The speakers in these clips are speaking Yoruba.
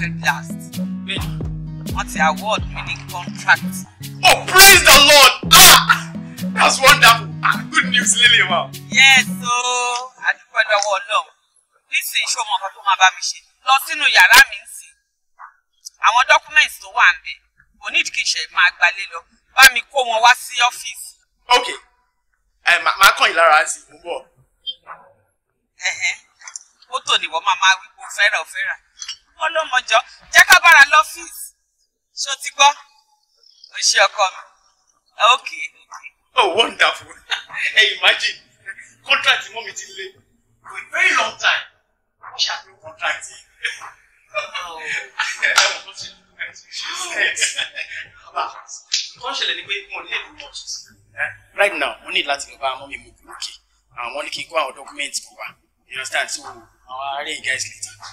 voted last. Really? What's the award winning contract? Oh, praise the Lord! Ah! That's wonderful! Ah, good news, Lily, ma. Yes, so, I do quite a word now. Listen, show me what my have she. Lọ sínú yàrá mi ń sìn. Àwọn documents tó wà ńbẹ̀. We need kí n ṣe máa gbalé lọ. Bá mi kó wọn wá sí office. Okay. I'm màá kàn yín lára sí, mo bọ̀. Eh eh. Mọ́tò ni wọ́n máa máa wí kó fẹ́ràn fẹ́ràn ọlọ́mọjọ jẹ́ ká bára lọ́fíìsì ṣó ti gbọ́ ó ṣe ọkọ mi ok. oh wonderful Hey, imagine contract mọ́ mi ti le for a very long time ó ṣàfihàn contract yìí. Oh. right now wọ́n ní láti lọ bá mọ́mí mú kúrò kí àwọn ní kí n kó àwọn dọ́kúmẹ́ǹtì bọ̀ wá you understand so. 啊，你赶紧找啊！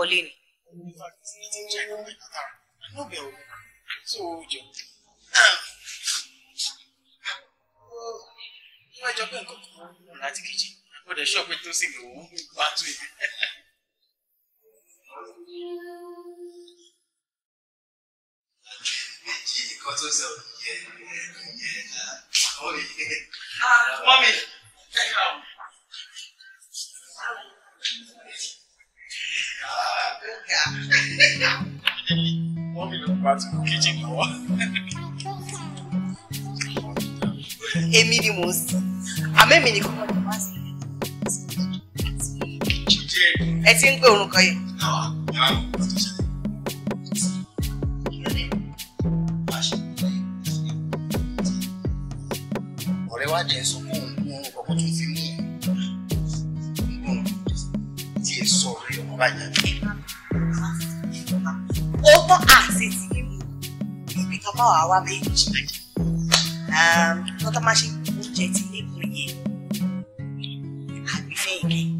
wọlé ni. wọ́n jọ pé nǹkan kan láti kejì wọ́n dẹ̀ ṣọ́ọ̀pù tó sì lò ó bá tó ìlú. òórùn kan yìí. ọ̀rẹ́ wa dẹ̀ sọ fún òun kún òun kọ̀ọ̀kan tó fi mú un tí ẹ sọ rẹ ọ̀rọ̀ báyà. ó tọ́ àṣẹ tí mi mú ibi kan bá wàá wá méjì. lọ́tọ́ máa ṣe oúnjẹ tí lè mú yẹn àbí fẹ́yìn kẹ́yìn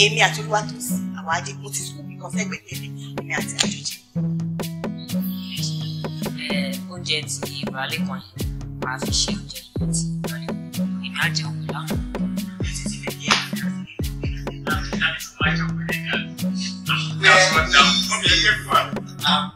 èmi àti olúwa tó sí àwọn ajé mo ti sùn nǹkan fẹ́ gbẹ̀gbẹ̀rẹ̀ èmi àti àjòjì. oúnjẹ tí ìbálé kan yìí máa fi ṣe oúnjẹ yìí ti ìbálé èmi á jẹun láwọn. Um,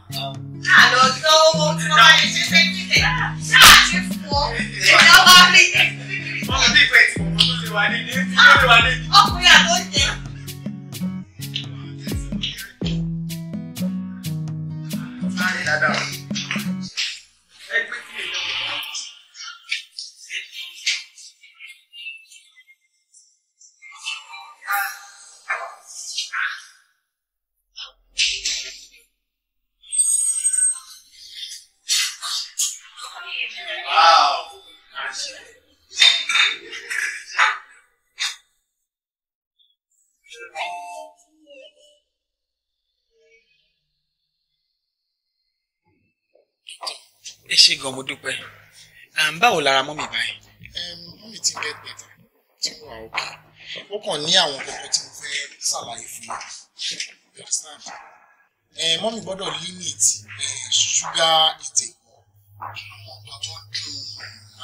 gan mo dúpẹ́ báwo lára mọ́mì báyìí. mọ́mì ti get better tí mo wà òkè ó kàn ní àwọn kọ̀ọ̀kan tí mo fẹ́ ṣàlàyé fún mi mọ́mì gbọ́dọ̀ limit ṣúgà eh, ìtẹ̀kọ́ àwọn nǹkan tó ń dùn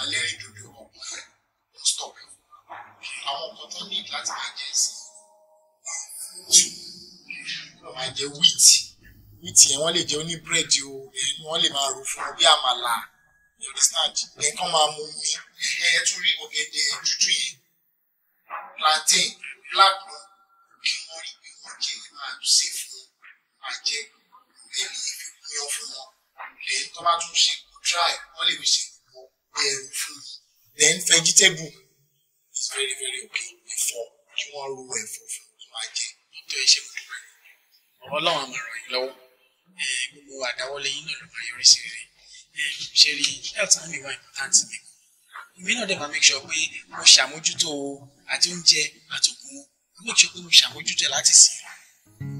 alẹ́rìndòdò ọkùnrin ló stop ẹ̀ àwọn nǹkan tó ní láti máa jẹ sí fúrúùtù máa jẹ wíìtì ní tiẹ̀ wọ́n lè jẹ́ oní búrẹ́dì o wọ́n lè máa rò fún ọ bí àmàlà you understand ẹ̀ kàn máa mú mi ẹ̀ tún rí ọ̀gẹ̀dẹ̀ tútù yìí plantain black lọ kí wọ́n rí pé wọ́n jẹ́ máa ṣe fún àjẹ ẹ̀mí ìfipín ọ̀fun wọn lẹ́yìn tó bá tún ṣe kó try wọ́n lè fi ṣe gbogbo ẹ̀rù fún mi then vegetable is very very okay ẹ̀fọ́ kí wọ́n ro ẹ̀fọ́ fún wọn àjẹ nítorí ṣe gbogbo ẹ̀ ọlọ́run àmọ̀ràn yìí lọ́wọ́ gbogbo àdáwọ́lé yín náà ló máa yọrí sí rere ṣe rí health and liver important mi náà dẹ̀ make sure pé mo ṣàmójútó àti oúnjẹ àtòkùn mo make sure pé mo ṣàmójútó láti sìn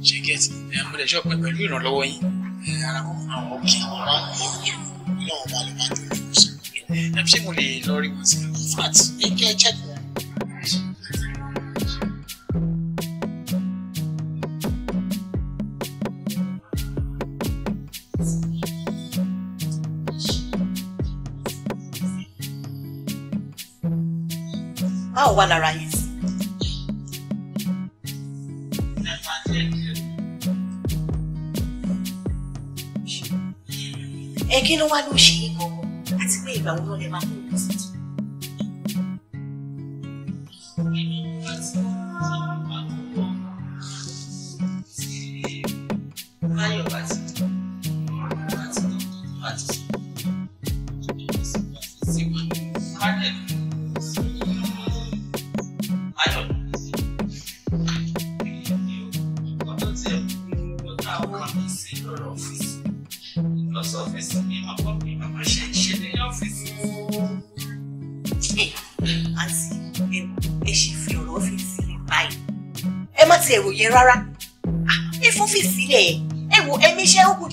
ṣe get mo dẹ̀ sọ pé pẹ̀lú ìrànlọ́wọ́ yín ara kò máa wọ òkè wá náà wà lọ́wọ́ àti ìrànlọ́wọ́ sí ṣé mo lè lọ rí wọn sí in fact ẹ jẹ́ check wọn. wà lára yẹn. ẹ kí ló wá ló ṣe é gbọ́ngàn àti pé ìgbà wo ló lè máa kó o lọ sí ti.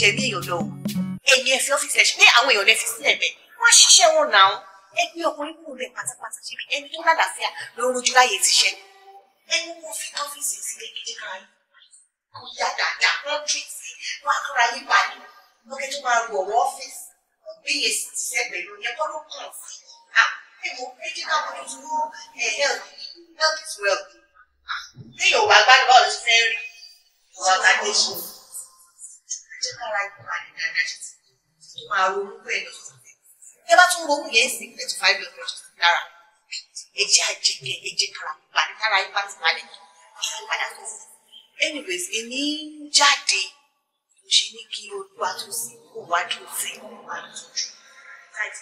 jẹ bí èèyàn lọ ẹ̀yìn ẹ̀sìn ọ́fíìsì ẹ̀ṣẹ̀ pé àwọn èèyàn lẹ́sìn sí ẹ̀bẹ̀ wọ́n á ṣiṣẹ́ wọn náà ẹgbẹ́ ọkùnrin kúrò bẹ́ẹ̀ pátápátá ṣe bí ẹni tó lálàáfíà ló ń láyé ti ṣẹ́ ẹni wọ́n fi ọ́fíìsì sílẹ̀ kejì kan kó yá dáadáa wọ́n tú sí wọ́n á lọ́ra yín balẹ̀ lókè tó máa wọ̀ wọ́n ọ́fíìsì bí èsì ti sẹ́gbẹ̀ẹ́ ló yẹ kọ́ ló kàn sí ẹ̀wọ̀n kejì kan kò dúró health is wealth ah, téèyàn ò bá gbádùn jẹ́ kára jáde ṣe ní kí olúwa tó sí kó sí ìwà tó láti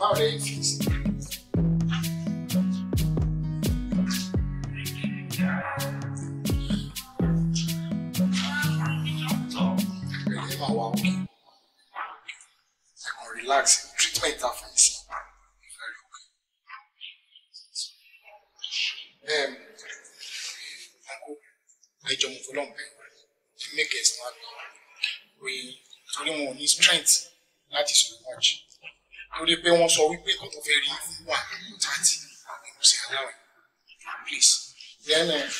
báwo lè fi sí. ẹ̀yin máa wà òkè relax treatment ta fún yín sí very okay. Um, ẹjọ́ mo fọlọ́n bẹ́ẹ̀ make it smart. We torí wọn ò ní strength torí pé wọ́n sọ wípé kò tó fẹ́ rí wà tààtì ẹ̀kọ́ sí aláwẹ̀ please. Then, uh,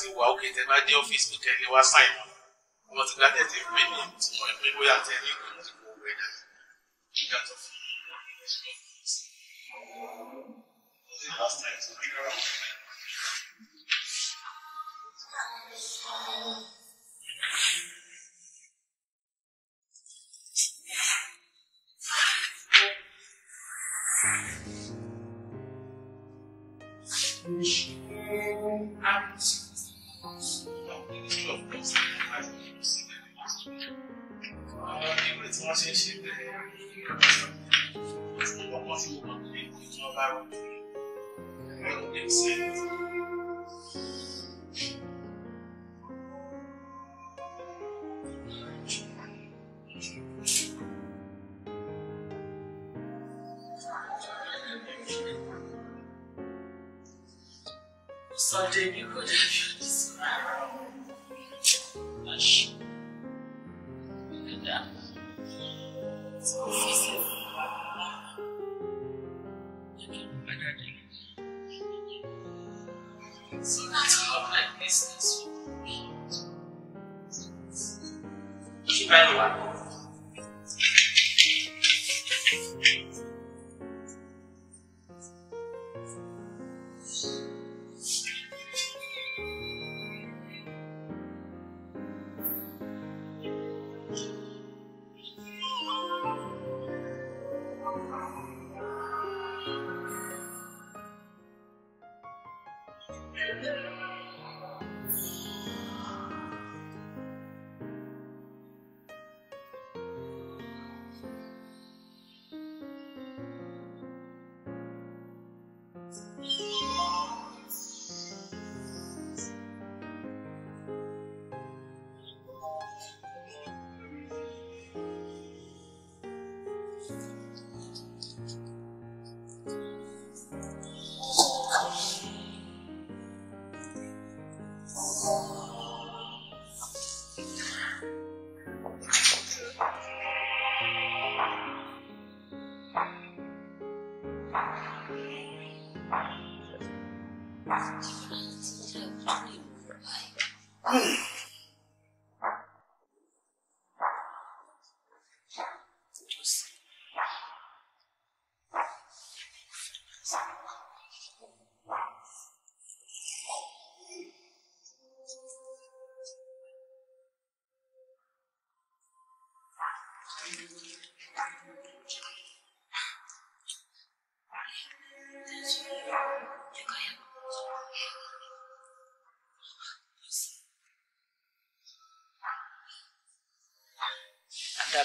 ti wà ókè tẹ bá dé ọ́fíìsì kò tẹ̀lé wá sáì wọn wọn ti gbá tẹ̀tẹ̀ pé ní ìtumọ̀ ìpínlẹ̀ bóyá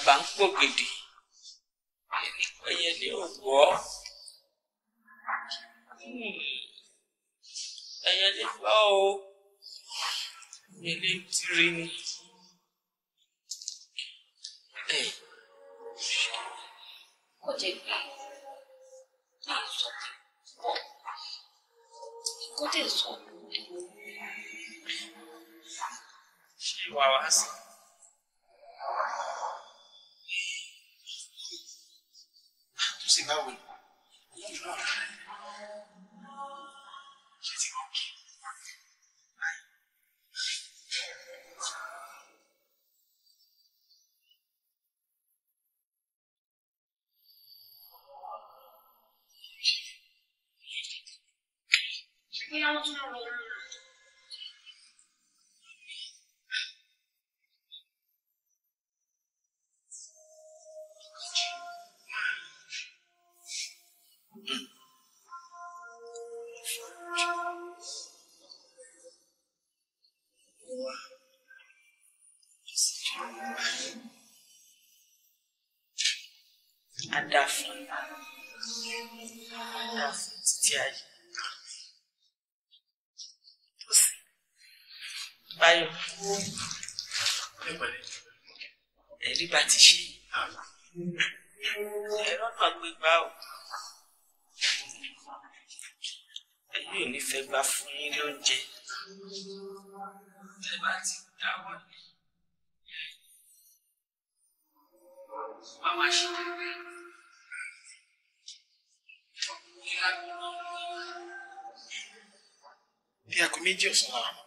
alàgbà ń pògèdè ẹni pẹyẹlé ògbọ ẹyẹlé gbọ o ẹyẹlé tiri ni. báyọ̀ ẹ̀rí bá ti ṣe ẹ̀rọ náà gbé gbá o ẹ̀yìn ò ní fẹ́ gbà fún yín lóúnjẹ ẹ bá ti dáwọ́ ni wàá wá ṣe dáadáa. Bí aago méjì ọ̀sán lára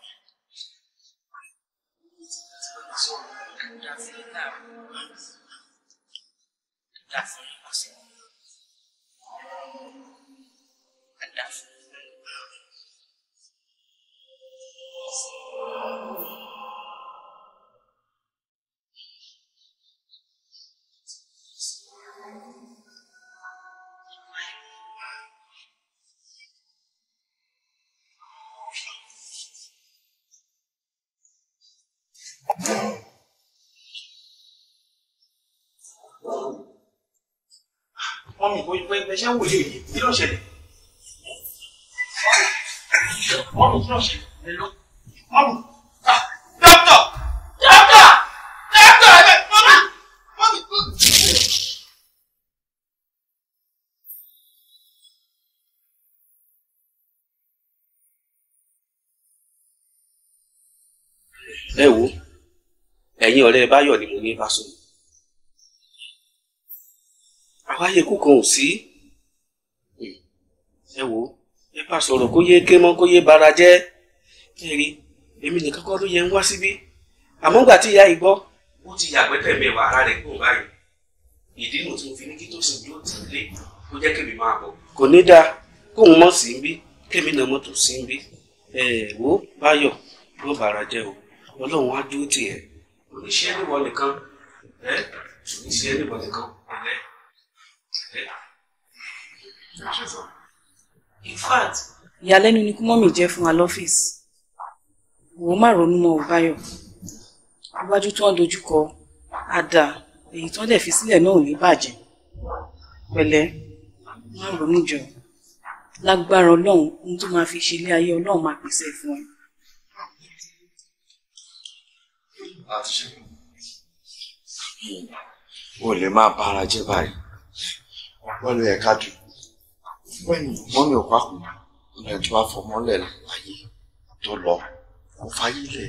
So that's the now. That's impossible. And that's nǹkan pé ṣé wò lè yé kí ló ṣẹlẹ̀ mọ́mù kí ló ṣẹlẹ̀ mọ́mù dókítà ẹ wo ẹ̀yin ọ̀rẹ́ Báyọ̀ ni mo ní bá sọ̀rọ̀ àwáyekú kan ò sí ẹ wò ó ẹ bá sọ̀rọ̀ kó yé ké mọ́ kó yé bara jẹ́ kiri èmi nìkan kọ́ ló yẹ ń wá síbí àmọ́ gbà tí ìyá ìgbọ́ ó ti yàgbẹ́ tẹ̀mí ẹ̀wà ara rẹ̀ kúrò báyìí ìdí nù tí mo fi ní kí tó sì yóò tì lé kó jẹ́ kémi máa bọ̀. kò ní dáa kóun mọ̀ sí bí kémi náà mọ̀ sí bí ẹ wò báyọ̀ ló bara jẹ́ o ọlọ́run á dúró tiẹ̀ kò ní ṣe é níwọ nìkan ẹ kò ní ṣe é níwọ nìkan ẹ lẹ́yìn in fact ìyàlẹ́nu ni kú mọ́mì jẹ́ fún wa lọ́fíìsì òun má ronú mọ́ òbáyọ̀ iwájú tó ń dojúkọ á dáa èyí tó ń dẹ̀ fi sílẹ̀ náà ò ní bàjẹ́ pẹ̀lẹ́ má ronú jọ lágbára ọlọ́run ohun tó máa fi ṣe ilé ayé ọlọ́run máa pèsè fún ẹ. o lè máa bára jẹ́ báyìí wọ́n lè ẹ̀ka jù wọ́n mi ò pa kù ní ẹ̀ tí wàá fọmọ́lẹ̀ láyé tó lọ kò fàyè lẹ̀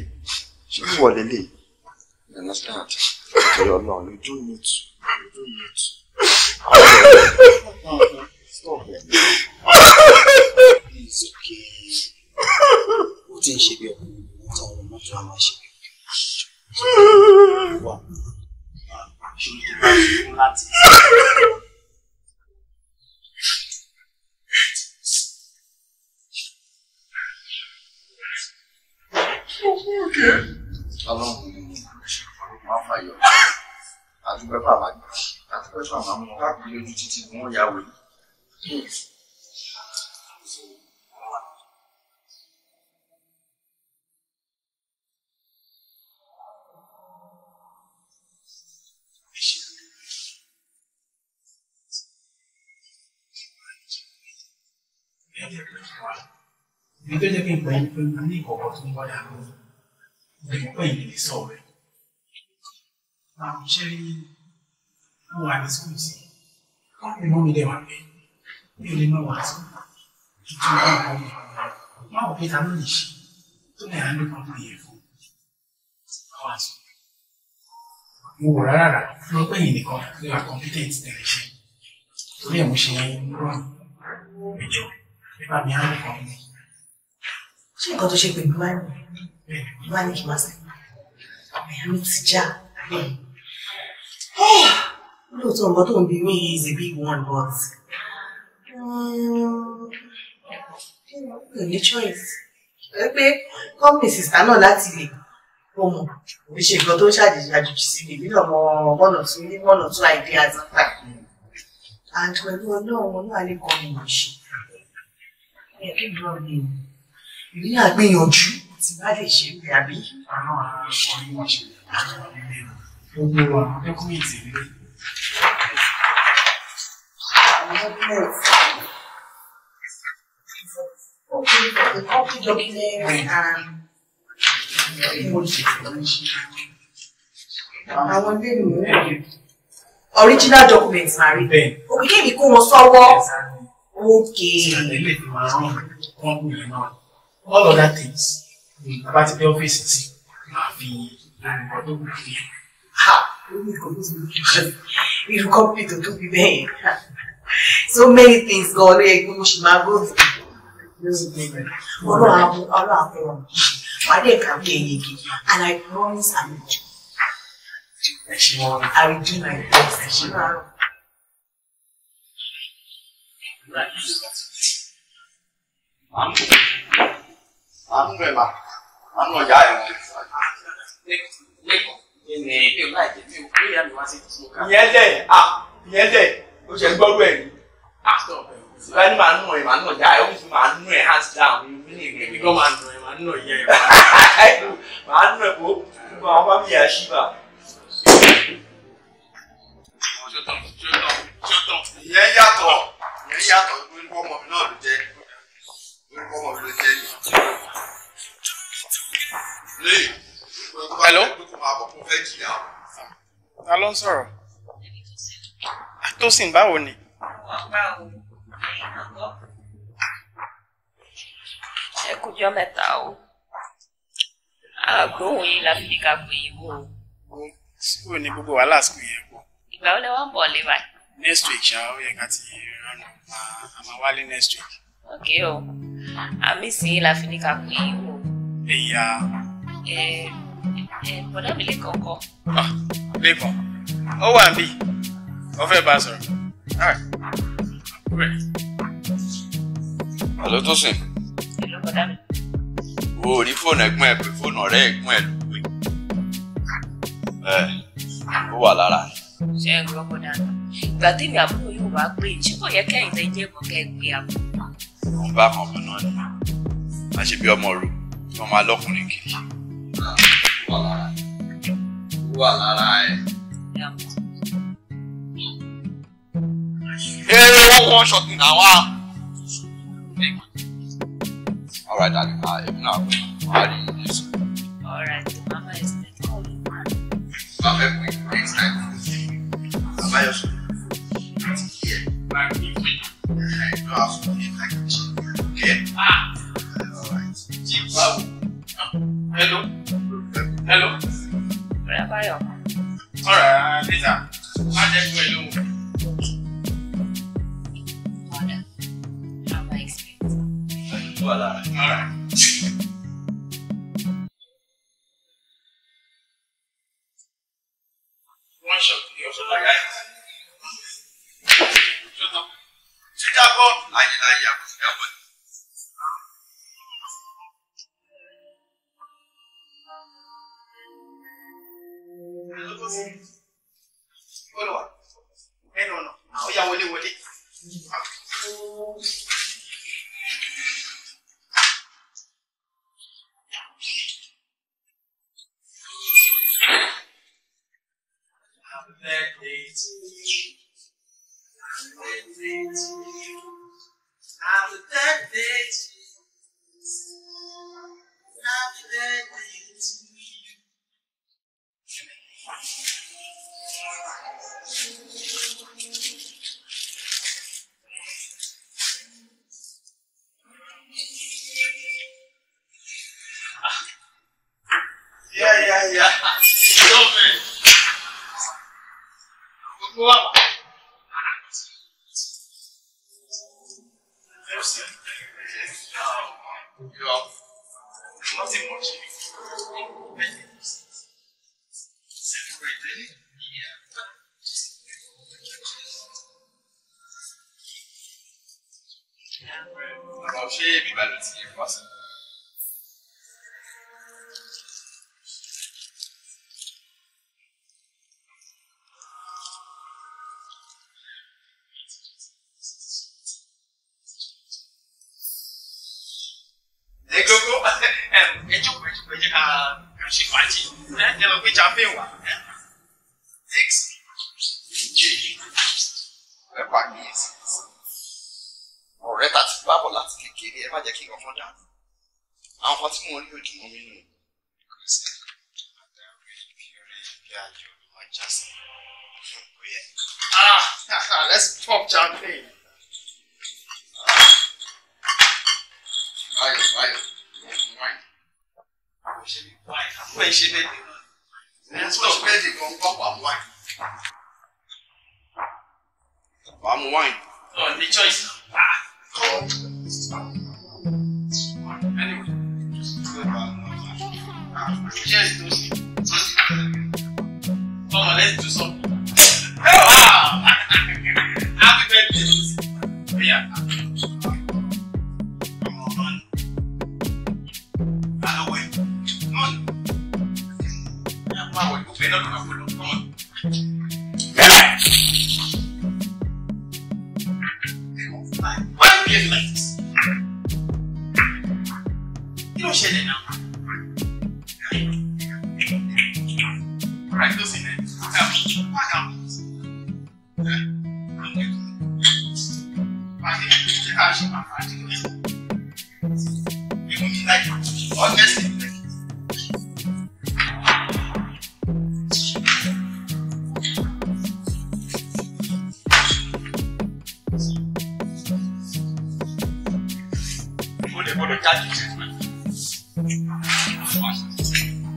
ṣé kí wọ́n lè lè you understand nítorí ọlọ́run you do need to you do need to. It's okay. Ó ti ń ṣe bí ọkùnrin táwọn ọmọ tó máa ṣe bí ọkùnrin. Wà á ṣe ìdílé láti. ọlọ́run ni wọ́n fàyọ àdúgbò ẹ̀fọ́ àmàgbà àdúgbò ẹ̀fọ́ àmàmú káàkiri ojú títí ni wọ́n yà wò yìí. nítorí pé ìgbà yìí pé mo ní ìkọ̀kọ̀ tó ń bọ́ dà bẹ́ẹ̀ pé èyí lè sọ rẹ̀. Àwọn ṣe rí mo wà ní sùkúù sí. Wọ́n lè mú mi dẹ̀ wà bẹ́ẹ̀. Mi ò lè má wà sí. Ìjọba àwọn ọmọ mi. Má wò pé ta ló lè ṣe tó lè hàn lókun fún ìyẹn fún. Àwọn àṣọ. Mo wò rárá rà lọ pé èyí nìkan ló wà competent tẹ̀lé ṣe. Torí ẹ̀ mo ṣe rán ìjọ. Ẹ bá mi hàn lókun fún mi. Ṣé nǹkan tó ṣe pè mí máa ń rìn? wá ní kí n máa sẹ́yìn àyà mi ti já. lóòótọ́ nǹkan tó ń bi mí is a big one but um, ní choice ẹ pé sister. sista náà láti lè ọmọ òbí ṣe nǹkan tó Charge the àjòjì sí ibi náà mọ one or two ní one or two ideas ń pa and pẹ̀lú ọlọ́run know. náà lè kọ́ mi mọ̀ ṣe ẹ kí n lọ rí i ìbí tí bá lè ṣe pé àbí àwọn aṣọ ni wọ́n ṣe àkàrà nílé o gbogbo àwọn dọ́kúmẹ̀ntì nílé. àwọn dọ́kúmẹ̀ntì ọkùnrin dọ́kúmẹ̀ntì àwọn ilé ìwé original document mari òkè kébì kó wọn sọ́wọ́ òkè. all other things bá ti dé ọ́fíìsì sí àfi nǹkan tó wù mí. irú kọ́pì tó tóbi bẹ́ẹ̀ so many things gan ló yẹ kí mo ṣe máa gbóòdì ọlọ́run àwọn ọlọ́run àwọn ọmọ wàá dé kàwé yege and I promise I will do I will do my best. Right. Angela àánú ọ̀yá ẹ̀ wọ́n. ìyẹn lẹ̀ ìyẹn lẹ̀ o ṣe gbọ́dọ̀ ẹ̀ ní. Bẹ́ẹ̀ ni màá nù ẹ̀ màá nù ọ̀yá ẹ̀ ó fi màá nù ẹ̀ hands down mi ní ìwé mi. Ìgbọ́ màá nù ẹ̀ màá nù ọ̀yá ẹ̀. Màá nù ẹ̀ kó gbogbo àwọn bá mi yà sí bá. Ìyẹn yàtọ̀ ìyẹn yàtọ̀ lórí bọ́mọ̀ mi náà ló jẹ́ lórí bọ́mọ̀ mi ló jẹ́ yìí hello. ta ló ń sọ̀rọ̀ àtòsìn báwo ni. ẹ kú jọ mẹ́ta o agbóhùn yìí la fi ní ká pè é wò ó. sùúrù ni gbogbo wàhálà sùkú yẹn pọ̀. ìgbà wo lẹ wá ń bọ̀ lé wa. next week ṣá ó yẹ ká ti ránu a máa wálé next week. ok o àmì sí la fi ní ká pè é wò. ẹ̀yà bọ̀dá mi lè kọ̀ọ̀kọ́. Ah, lẹ́kàn ó wà níbí ó fẹ́ bá a sọ̀rọ̀. àlọ́ tó sìn. èlò bọ̀dá mi. wo rí fóònù ẹ̀gbọ́n ẹ̀ pé fóònù ọ̀rẹ́ ẹ̀gbọ́n ẹ̀ ló pé. bẹ́ẹ̀ ó wà lára rẹ̀. ṣé ẹ gbọ́ bọ̀dá mi ìgbà tèmi àbúrò yóò wá pé ṣé kò yẹ kẹ́yìn lè jẹ́ mọ́ kẹ́ ẹ pé àbúrò. òun bá kan bọ̀ náà ni má ṣe bí ọmọ rò kí wọ́n máa lọ́kùnrin kiri wà lára ó wà lára ẹ̀. èrè all right darling ah èmi náà wà á rí i ní sùn. all right mama expect call you. bàbá ẹ̀ pé next time bàbá yóò sọ. Ah. All right. Hello. Hello. Ọ̀rẹ́ Báyọ̀. Ọ̀rẹ́ Lisa, uh, má jẹ́ pé lóhùn. Mọ̀dà, I'm my expert. Wà lára. Ọ̀rẹ́. Wọ́n ṣọ̀kì ọ̀ṣọ́ láyà yìí. Ṣé tán? Ṣé jábọ̀? Ayé láyé àkọsílẹ̀ àbọ̀dé. olùwà ẹnu ọ̀nà ó yà wọlé wọlé. Happy birthday to you. Happy you. Yeah, yeah, yeah. Love it. Wow. pewa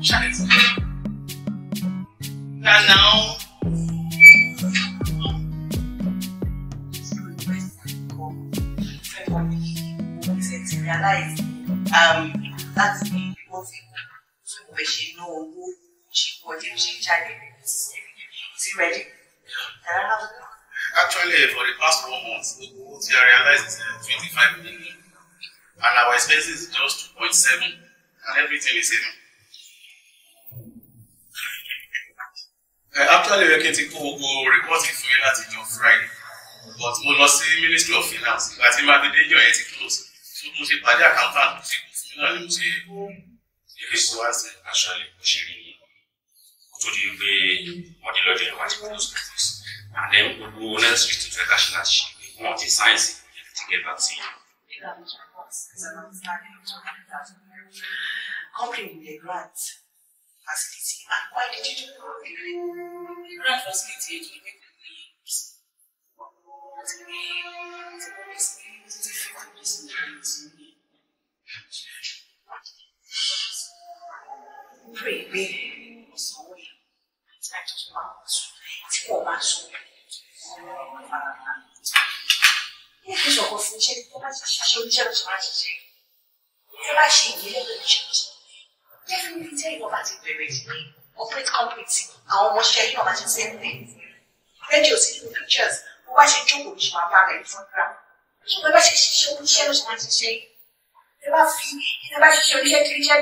Scheiße. Genau. Realize um, that's the most important way she know who she a Actually, for the past four months, what I realized is uh, 25 million, and our expenses is just 2.7, and everything is saving. Eh, actually ó yẹ kí n ti kó gbogbo rìpọ́tì fún yín láti jọ friday but mo lọ sí ministry of finance ìgbà tí mákindé jọ yẹn ti close so mo ṣe pàdé accountant mo ṣe kò fún mi náà ni mo ṣe èké sí wá sí actually mo ṣe rí i kó tó di pé wọ́n dé lọ́dọ̀ ẹ̀rọ close to this and then gbogbo next week tó fẹ́ ká ṣe láti ṣe pé wọ́n ti sáyẹ̀nsì to get back to you. Company with a grant facility and quite a change of Right facility is really making me Pray, baby, or somewhere. It's not just about us. It's for us. Yes, you're going to change. You're going to change. You're going to change. You're going to lẹ́yìn tí ẹ̀yin ọba ti bẹ̀rẹ̀ ní corporate company àwọn ọmọọṣẹ́ yìí ọba ti ṣe ń pè rédíò sí fún pictures bó bá ṣe jókòó ní ṣùgbọ́n bá rẹ̀ fúnra kí ni bá ṣe ṣiṣẹ́ oníṣẹ́ ló ṣe máa ti ṣe ẹ bá fi ẹ bá ṣiṣẹ́ oníṣẹ́ kiri iṣẹ́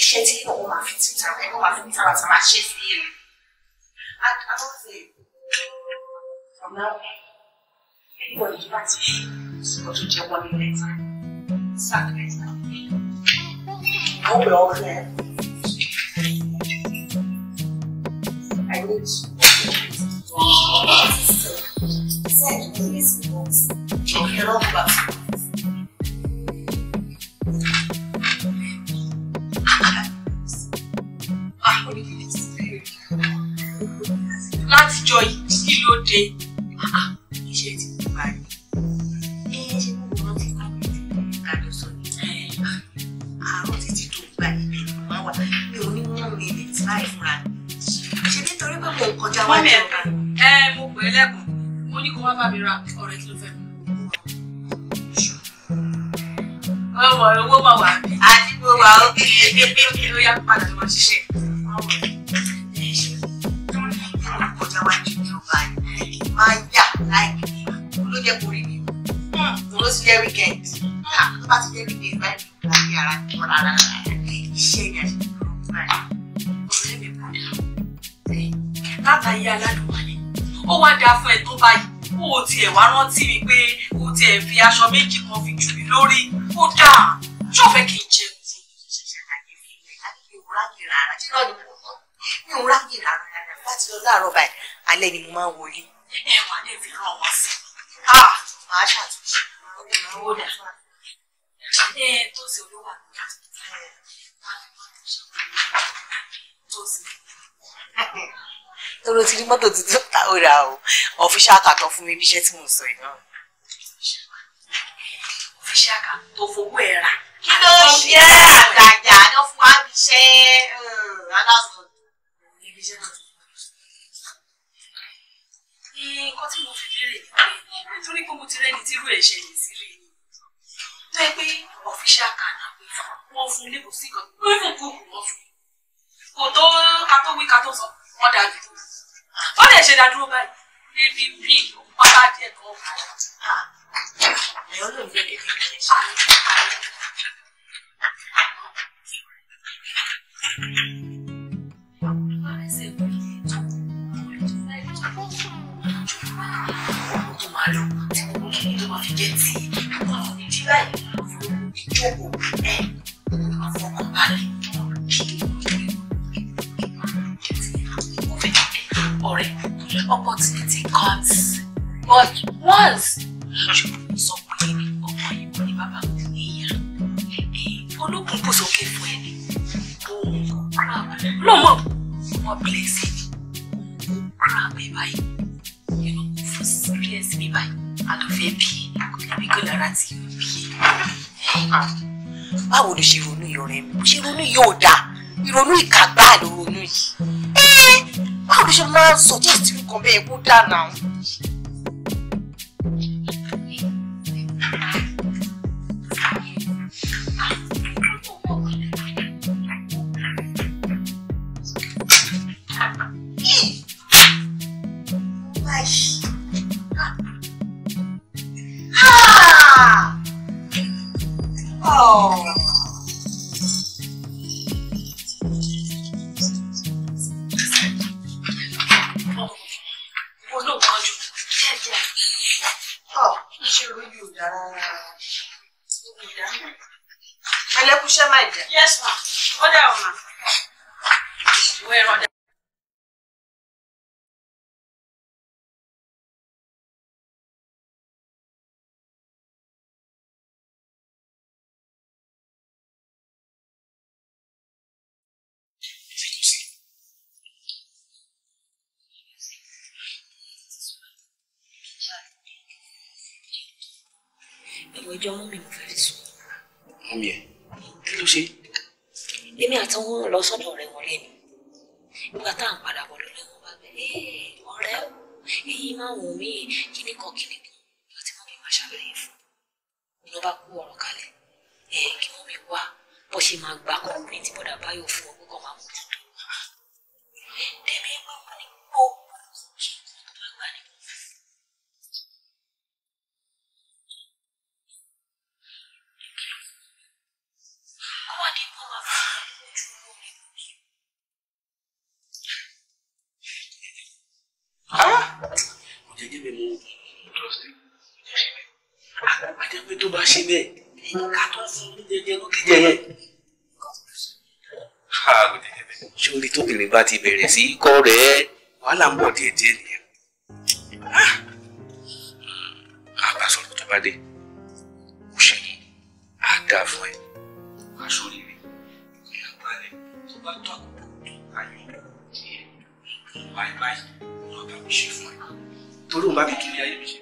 iṣẹ́ tí ọmọ máa fi tìta ẹ máa fi tìta bàtà máa ṣe fi yẹn àtàwọn ọ̀nà ẹ̀kọ́ ìjọba ti ṣe ìṣòro tó jẹ́ wọlé lẹ́tà sáà lẹ́tà. I would all clear. I need Send please rules. Check all buttons. Láti jọ yìí kí ló dé? wá bá mi ra ọ̀rẹ́ kí ló fẹ́ mú ọmọ owó máa wà bí àdúgbò wa ó bí ẹgbẹ́ ló yá padà lọ ṣiṣẹ́ kọjá wa ju ní ọba yìí máa ń yà láìpẹ́ ló jẹ́ kó rí mi hmm, ló sì jẹ́ weekend ló hmm, bá ti jẹ́ weekend báyìí ló ń yàrá kọ́ rárá iṣẹ́ ìyá ṣe kúrò báyìí ọ̀rẹ́ mi kọ́ dà látàyé aládùn wálé ó wá dáa fún ẹ tó báyìí kó o tiẹ̀ wá rántí mi pé kó o tiẹ̀ fi aṣọ méjì kan fi jù mí lórí kó dáa ṣó fẹ́ kí n jẹ mi ò ráyè rárá rárá láti lọ láàárọ̀ báyìí alẹ́ ni mo máa ń wọlé ẹ wà lè fi ràn wọ́n sí màá ṣàtúnṣe ọkùnrin náà ó dà ẹ tó ṣe olówà tó ṣe lọ́dọ̀ ti rí mọ́tò tuntun táwọn ra o ọ̀fíṣà kà tó fún mi níṣẹ́ tí mò ń sọ yìí ọ̀fíṣà kà tó fowó ẹ̀ rà. kí ló ṣe é àgàjà ló fún wa bí iṣẹ́ aláṣọ. nǹkan tí mo fi béèrè ni pé nítorí pé mo ti rẹ́ni tírú ẹ̀ ṣẹlẹ̀ sí rí ni tó yẹ pé ọ̀fíṣà kà náà wọ́n fún un níbo sí kan wọ́n fún un wọ́n fún kò tó ká tó sọ wọ́n lè ṣe dá báyìí níbi bí ọ̀pá díẹ̀ kan ẹ̀yọ́ ló ń gbé kékeré ṣe. Ìjókòó rẹ̀ opportunity comes but once ṣùgbọ́n eh, sọ pé ọmọ yìí ni bàbá kò ní ìyá olókùn kò sókè fún ẹni lọ́mọ wọn bílẹ̀sì ni kúrò àbẹ̀ báyìí yìí ló kún fún serious mi báyìí àlọ́fẹ́ bí ẹbí kò lára tí ó bí ẹ eh, báwo ló ṣe ronú iyọ̀ rẹ̀ mo ṣe ronú iyọ̀ ò dáa ìrònú ìkàgbá ló ronú yìí báwo ló ṣe máa ń suggest nǹkan bẹ́ẹ̀ with that now? 好家伙嘛！我也说。èmi àti wọn lọ sọ́dọ̀ ọ̀rẹ́ wọn lé mi nígbà tá à ń padà bọ̀ lórí wọn bá bẹ ọ̀rẹ́ o èyí máa wù mí kíní kan kíní kan láti mọ bí màá ṣàlàyé fún un ló bá kú ọ̀rọ̀ kalẹ̀ kí wọ́n mi wá bó ṣe máa gba kọ́ńpìn tí bọ́dà báyọ̀ fún ọgbọ́n máa mú bá ṣe bẹ́ẹ̀ ká tó fún un jẹjẹ ló kéjẹ yẹn. sórí tóbìnrin bá ti bẹ̀rẹ̀ sí í kọ́ rẹ̀ wàhálà ń bọ̀ díẹ̀ díẹ̀ nìyẹn. àbá sọ̀rọ̀ tó bá dé kò ṣẹ̀yìn á dáa fún ẹ wá sórí rẹ̀ ìyàgbá rẹ̀ tó bá tó àkókò tó ayọ̀ díẹ̀ báyìí báyìí lọ́ọ́ bá mi ṣe fún ẹ torí òun bá mi kiri ayé mi ṣe.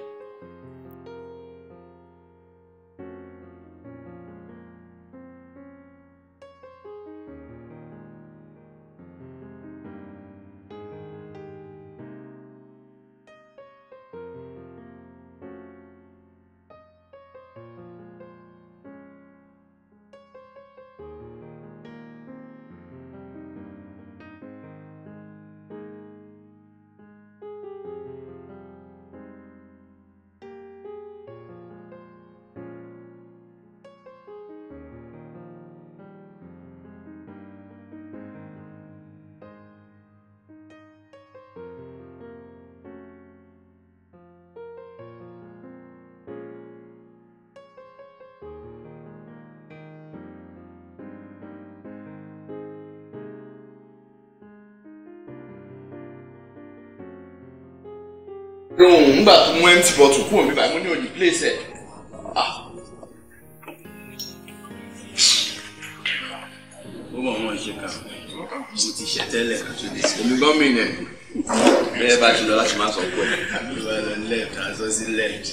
nígbà tó mú empty bottle kúrò mi báyìí mo ní òyì place ah. ó mọ̀ wọ́n ṣe kà mo ti ṣe tẹ́lẹ̀ kàtó gómìnà bẹ́ẹ̀ bá ti lọ láti máa sọ pé. ìwà lọ left àzọ sí left.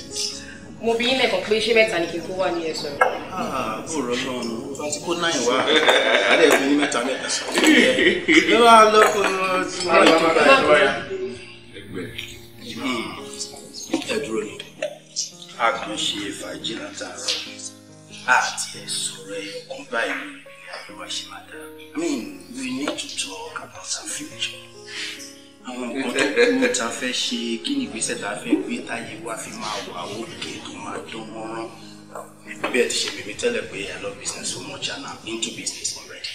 mo bí yín lẹ́kàn pé ṣé mẹ́ta ni kí n kó wà ní ẹ sọ̀rọ̀. Ah, kò rọ náà nù bá ti kó náà wá adé ní mẹ́ta mẹ́ta sọ̀rọ̀. lọ́wọ́ lọ́kùnrin tí wọ́n lọ́kùnrin àkànṣe fàájìlá tààrọ àti ẹ̀sùn rẹ̀ ọkàn báyìí ní àyẹ̀wò àṣemáda I mean we need to talk about our future àwọn nǹkan tó kúrò tá a fẹ́ ṣe kí ni ìgbésẹ̀ tá a gbé táyé wa fi máa wà òkè tó máa dán mọ́rán bẹ́ẹ̀ ti ṣe bèbí tẹ́lẹ̀ pé I love business so much and I'm into business already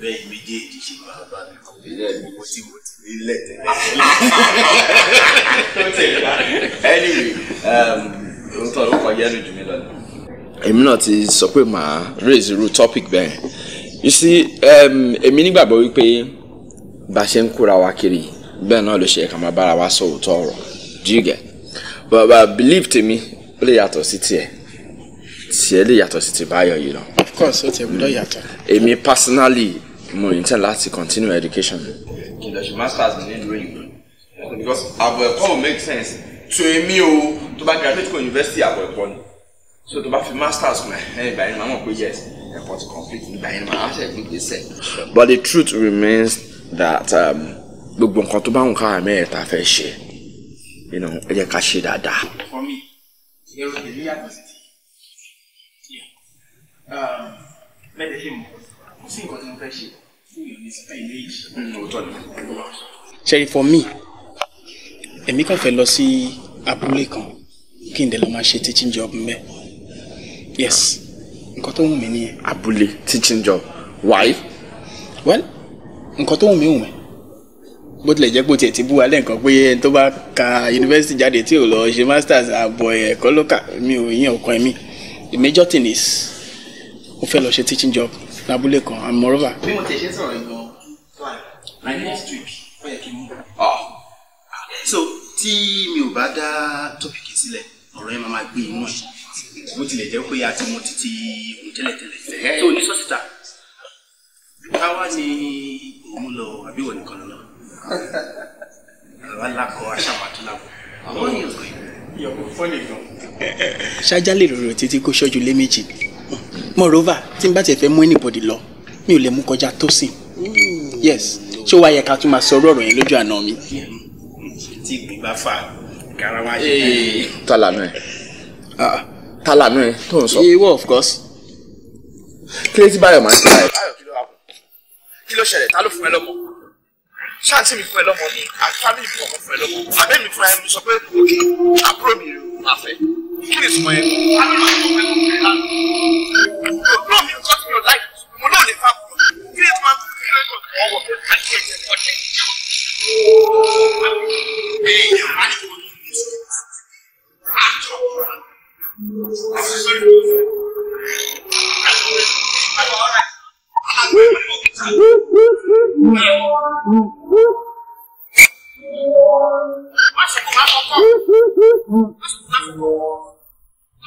bẹ́ẹ̀ méjèèjì ṣe máa bá mi kọ́ bí mo ti wò t ilẹ̀ tẹ̀lé. anyway òótọ́ um, ló kọjá ẹnu jù mí lọ. èmi náà ti sọ pé màá raise irú topic bẹ́ẹ̀ you see um, èmi nígbàgbọ́ wípé bá a ṣe ń kóra wa kiri bẹ́ẹ̀ náà ló ṣe ká máa bára wa sọ òótọ́ ọ̀rọ̀ do you get but but believe tèmi ó lè yàtọ̀ sí tiẹ̀ tiẹ̀ lè yàtọ̀ sí ti báyọ̀ yìí lọ. of course ó ti ẹ̀ gbọ́dọ̀ yàtọ̀. èmi personally mo intend láti continue education kí n masters mi nílùú because àbọ̀ ẹ̀kọ́ ò make sense tó èmi o tó bá graduate kó university àbọ̀ ẹ̀kọ́ ni so tó bá fi masters mọ̀ ẹ̀ ìgbà yẹn màá mọ̀ pé yes ẹ̀kọ́ ti complete ìgbà yẹn màá ṣe gbé gbèsè. but the truth remains that um, gbogbo nǹkan tó bá ń kára mẹ́ẹ̀ẹ́ta fẹ́ ṣe ẹ jẹ́ ká ṣe dáadáa. for me èrò tèmi yàtọ̀ sí ti bẹ́ẹ̀ ṣe mọ̀ kò sí nǹkan tí mo fẹ́ ṣe ṣẹ́yìn for me èmi kàn fẹ́ lọ sí abúlé kan kí n dẹ̀ lọ máa ṣe teaching job mbẹ́ yes nǹkan tó wù mí nìyẹn. abúlé teaching job why. well nǹkan tó wù mí wù mí bó tilẹ̀ jẹ́ pé o tiẹ̀ ti bú wa lẹ́ǹkan pé ẹni tó bá ka yunifásitì jáde tí ò lọ ṣe masters àbọ̀ ẹ̀kọ́ lókà mi ò yín ọ̀kan mi the major thing is mo fẹ́ lọ ṣe teaching job lábúlé kan and moreover. bí mo tẹ̀ ṣe sọ̀rọ̀ yìí gan-an tó wà ní next week ó yẹ kí n mú. Ah. so tí mi ò bá dá tópìkì sílẹ̀ ọ̀rọ̀ yẹn máa máa gbé inú ẹ̀ bó tilẹ̀ jẹ́ pé a ti mọ títí ohun tẹ́lẹ̀tẹ́lẹ̀ tó ní sọ́sítà káwá ni òun lọ àbí wọ̀ nìkan lọ. àwa lakọ aṣàmàtúnláwọ àwọn èèyàn kan yìí. lè rọrọ títí kó ṣọ́jú lé méjì moreover tí n bá tiẹ̀ fẹ́ mú anybody lọ mi ò lè mú kọjá Tósìn yes ṣé wàá yẹ ká tún máa sọ̀rọ̀ ọ̀rọ̀ yẹn lójú àná mi. tí ìgbín bá fà kára wá ṣe. ta lànà ẹ ah, ta lànà ẹ tó ń sọ. ìwọ of course. kí ló ti báyọ̀ máa ń tẹ̀lé. báyọ̀ kí ló wà kù kí ló ṣẹlẹ̀ ta ló fún ẹ lọ́mọ ṣáàtì mi fún ẹ lọ́mọ ni àti fámìlì fún ọmọ fún ẹ lọ́mọ àbẹ́mi fún ẹ mi sọ pé àbúrò mi rè é máa fẹ́ finish for ẹ a ní ìlú ìlú ìlú ìlú ìlú náà mi kọ́ sí mi láì mo náà lè fa kúrò kí ni tí wọ́n ti fi lẹ́nu ọ̀wọ̀ àti ẹ̀jẹ̀ ọ̀jẹ̀ èèyàn á ní kò ní ní sùn àjọ àti sọ́rí tó fẹ́ àti ìgbàlọ́ ọ̀rẹ́ àti ìgbàlọ́ ọ̀rẹ́. Nossa, que lá,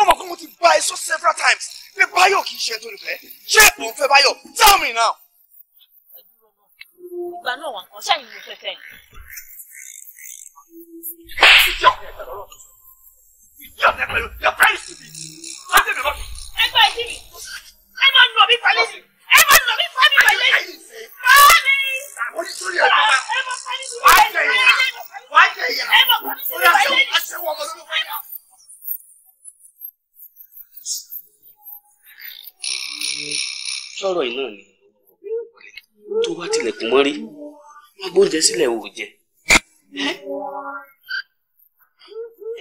ó mọ̀ pé mo ti bá ẹ sọ several times pé báyọ̀ kì í ṣe tó lè fẹ́ ṣé èpò ń fẹ́ báyọ̀ tell me now. ìgbà náà wà kan ṣáà ni mo fẹ́ fẹ́ ni. ẹgbẹ́ ìdí mi ẹ máa ń nọ mí pẹ̀lú ẹ máa ń nọ mí pẹ̀lú pẹ̀lú onítorí ẹ̀dọ́ wa wàá jẹ ìyá wàá jẹ ìyá wọ́n yà sẹ́wọ́n aṣẹ́wọ́n ọmọdé ló fẹ́ yà. sọ̀rọ̀ iná ni tó wá tilẹ̀kùn mọ́rí wọ́n gbóúnjẹ sílẹ̀ ò jẹ.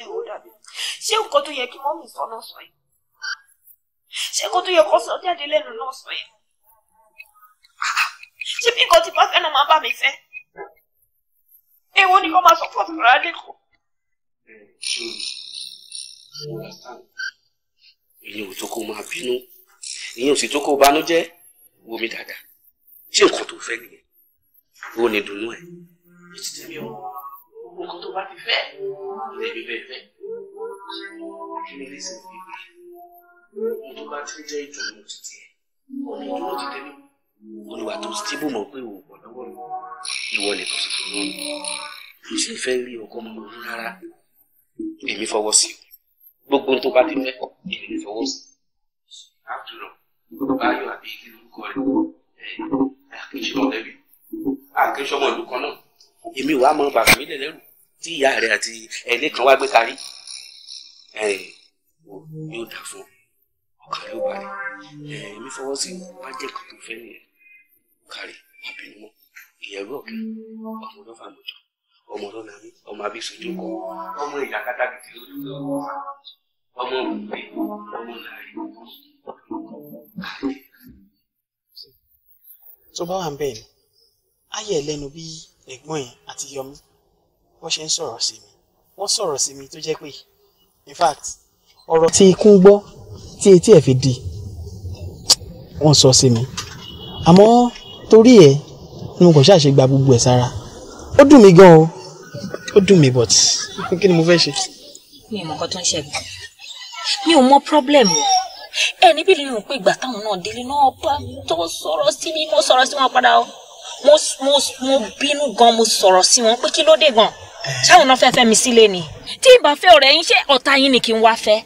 ẹ wò dàbí ṣé nǹkan tó yẹ kí mọ́mì sọ náà sọ yìí ṣé nǹkan tó yẹ kó sọ jáde lẹ́nu náà sọ yìí ṣé bí nǹkan tí bá fẹ́ náà máa bá mi fẹ́ èwo ni kò máa sọ fún ọ̀sán rárá lẹ́kọ̀ọ́. èyí ò tó kó máa bínú ìyẹn ò sì tó kó o banújẹ́ wo mi dáadáa ṣé nǹkan tó fẹ́ nìyẹn wo ni dùnú ẹ̀. ètò tèmi o nǹkan tó bá ti fẹ́ ilé mi bẹ́ẹ̀ fẹ́ kí ni lè sìn fún mi mo tó bá ti ń jẹ́ ìdùnnú títí ẹ̀ mo ní ìdùnnú ti tẹ̀lé olùwà tó ti bù mọ̀ pé òun pọ̀ lọ́wọ́ ìwọ ni kò sì fún mi kò sì fẹ́ rí ọkọ mọ́ òun rárá èmi fọwọ́ sí o gbogbo ohun tó bá ti fẹ́ èmi fọwọ́ sí i báyọ̀ àbí kí lórúkọ rẹ̀ àkéṣọ́mọ̀lẹ́bí àkéṣọ́mọ̀lú kan náà èmi wàá mọ bàbá mi lẹ́lẹ́rù tí ìyá rẹ̀ àti ẹni kan wá gbé kárí yóò dà fún ọkàn yóò bá rí èmi fọwọ́ sí bájẹ́ kan tó fẹ́ nìyẹn kárí àbínú mọ́ ìyẹ̀rú ọ̀kẹ́ ọmọ lọ́fà mọ́jọ ọmọ lọ́nà mi ọmọ abísojú kọ ọmọ ìyá kátàkìtì lójú lọ́wọ́ ọmọ òwe ọmọ làrí. tó bá wà ń bẹ́ẹ̀ ni ayé ẹlẹ́nu bí ẹ̀gbọ́n yẹn àti yọmí wọ́n ṣe ń sọ̀rọ̀ sí mi wọ́n sọ̀rọ̀ sí mi tó jẹ́ pé in fact ọ̀rọ̀ tí ikú ń gbọ́ tí etí ẹ̀ fi di wọ́n sọ sí mi àmọ́ torí ẹ̀ ni mo kàn ṣàṣe gba gbogbo ẹ̀ sára ó dùn mí gan o ó dùn mí but kí ni mo fẹ́ ṣe. mi ò mọ̀ nǹkan tó ń ṣẹlẹ̀ mi ò mọ problem o ẹni bí lóyún pé ìgbà táwọn náà délé náà bá mi tó sọ̀rọ̀ sí mi mo sọ̀rọ̀ sí wọn padà o mo mo mo bínú gan mo sọ̀rọ̀ sí wọn pé kí ló dé gan ṣáwọn náà fẹ́ fẹ́ mi sílé ni tí ìbá fẹ́ ọ̀rẹ́ yín ṣé ọ̀tá yín ni kí n wá fẹ́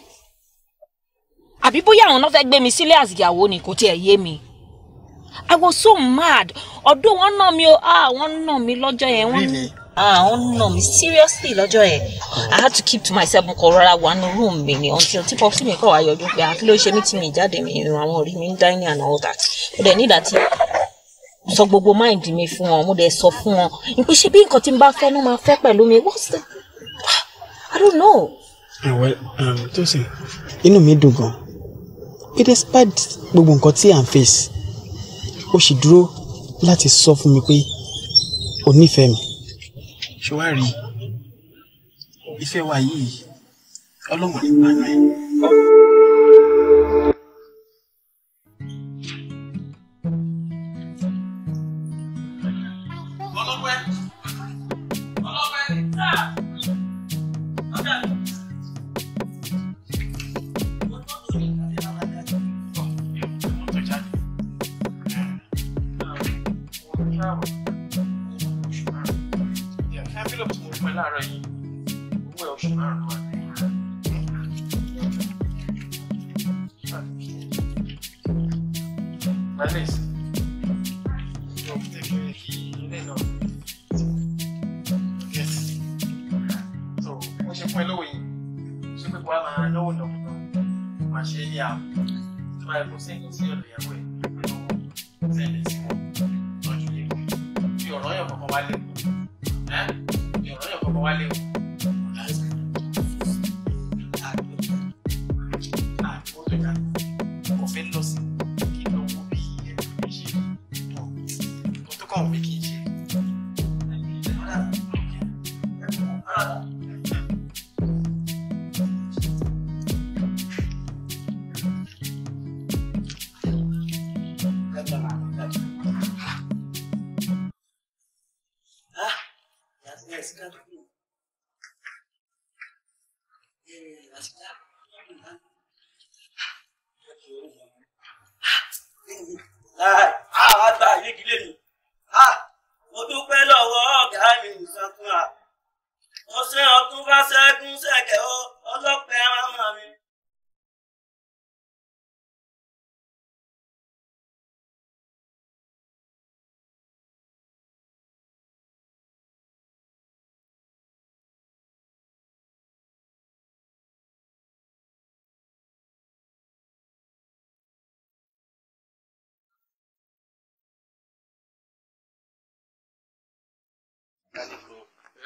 àbí bóyá àwọn náà fẹ́ gbé mi sílé àsìyàwó ni kò tiẹ̀ yé mi I was so mad ọdún wọn nà mí o ah wọn nà mí lọ́jọ́ yẹn wọn àwọn nà mí seriously lọ́jọ́ yẹn i had to keep to myself mo kọ rọra wà ní room mi ni until tí pọpsi mi kọ wá yọjú pé àfi ah, ló ṣe mí tí mi jáde mi ìrìn àwọn òrí mi ń dání àná ọ̀tà ó dẹ̀ nígbà tí sọ gbogbo mind mi fún wọn mo dẹ̀ sọ fún wọn ìpè ṣe bí nǹkan tí n bá fẹ́ ló máa fẹ́ pẹ̀lú mi what's the i don't know. ẹ wẹ tó sìn inú mi dùn gan it is bad gbogbo nǹkan tí à ń face ó sì dúró láti sọ fún mi pé o nífẹ̀ẹ́ mi ṣé wàá rí ìfẹ́ wa yìí ọlọ́run ní gbàgbé.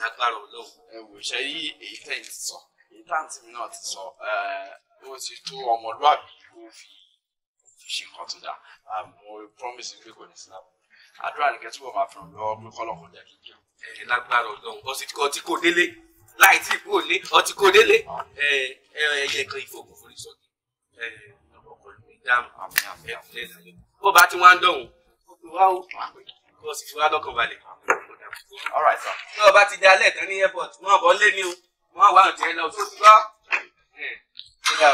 lágbára olóhùn ẹwò ṣe yí èyí tẹ̀yìn ti sọ èyí táǹtì mi náà ti sọ ó ti tó ọmọlúwàbí kó fi ṣe nǹkan tó dáa mo promise pé kò ní sí náà àdúrà nìkẹ́ túbọ̀ máa fẹ́ràn lọ́wọ́ pé kọ́lọ̀ kò jẹ́ kí n jẹun. ẹ lágbára olóhùn ọtí kò délé láì tí kò ní ọtí kò délé ẹ ẹ ẹyẹ kan ìfògùn fún ìsọ̀kì ẹ ọkùnrin mi dáàmú àmì àfẹ́ àfẹ́ ìlànà bó bá ti wá ń dọ̀hún ó fi wá ó kó wá lọ́kàn balẹ̀ all right sir. tí ọba ti dá alẹ́ tán ní airport wọn bọ́ lé ní o wọn wà ní ọ̀tí ẹ̀ lọ sí. ó ti bá.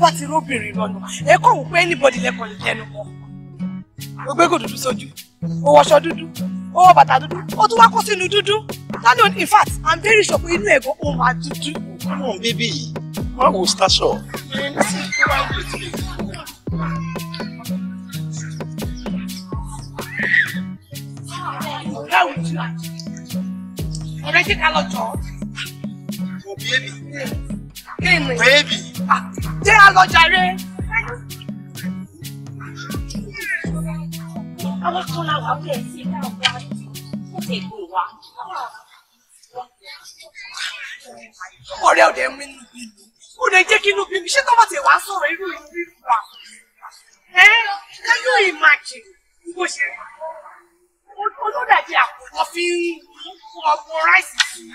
bá ti róbìnrin lọ́nà ẹ kọ̀ wò pé anybody lẹ́kọ̀ọ́ lè lẹ́nu mọ́ ó gbé gòdòdú sójú ó wọṣọ dúdú ó wọ bàtà dúdú ó tún wá kó sínú dúdú tani in fact i'm very sure pé inú ẹ̀gọ́ ó máa dúdú. ọmọ bíbí yìí wọn wò stasọ. ọ̀rẹ́ òjì ọ̀rẹ́ kíkà lọ jọ. òbí èmi. bẹ́ẹ̀ni. bẹ́ẹ̀ni jẹ́ àlọ́jàre. àwọn kan la wà bẹ́ẹ̀ sí ìdá ọ̀gá ó ti gbò wá. ọ̀rẹ́ ọ̀dẹ̀ mi nìyí ó lè jẹ́ kí inú bí mi ṣé tó bá ti wá sọ̀rọ̀ irú ìrírí wa. ẹ can you imagine bó ṣe wà olódàjẹ àpò wọn fi ń fọ ọmọ ráìsì sí i.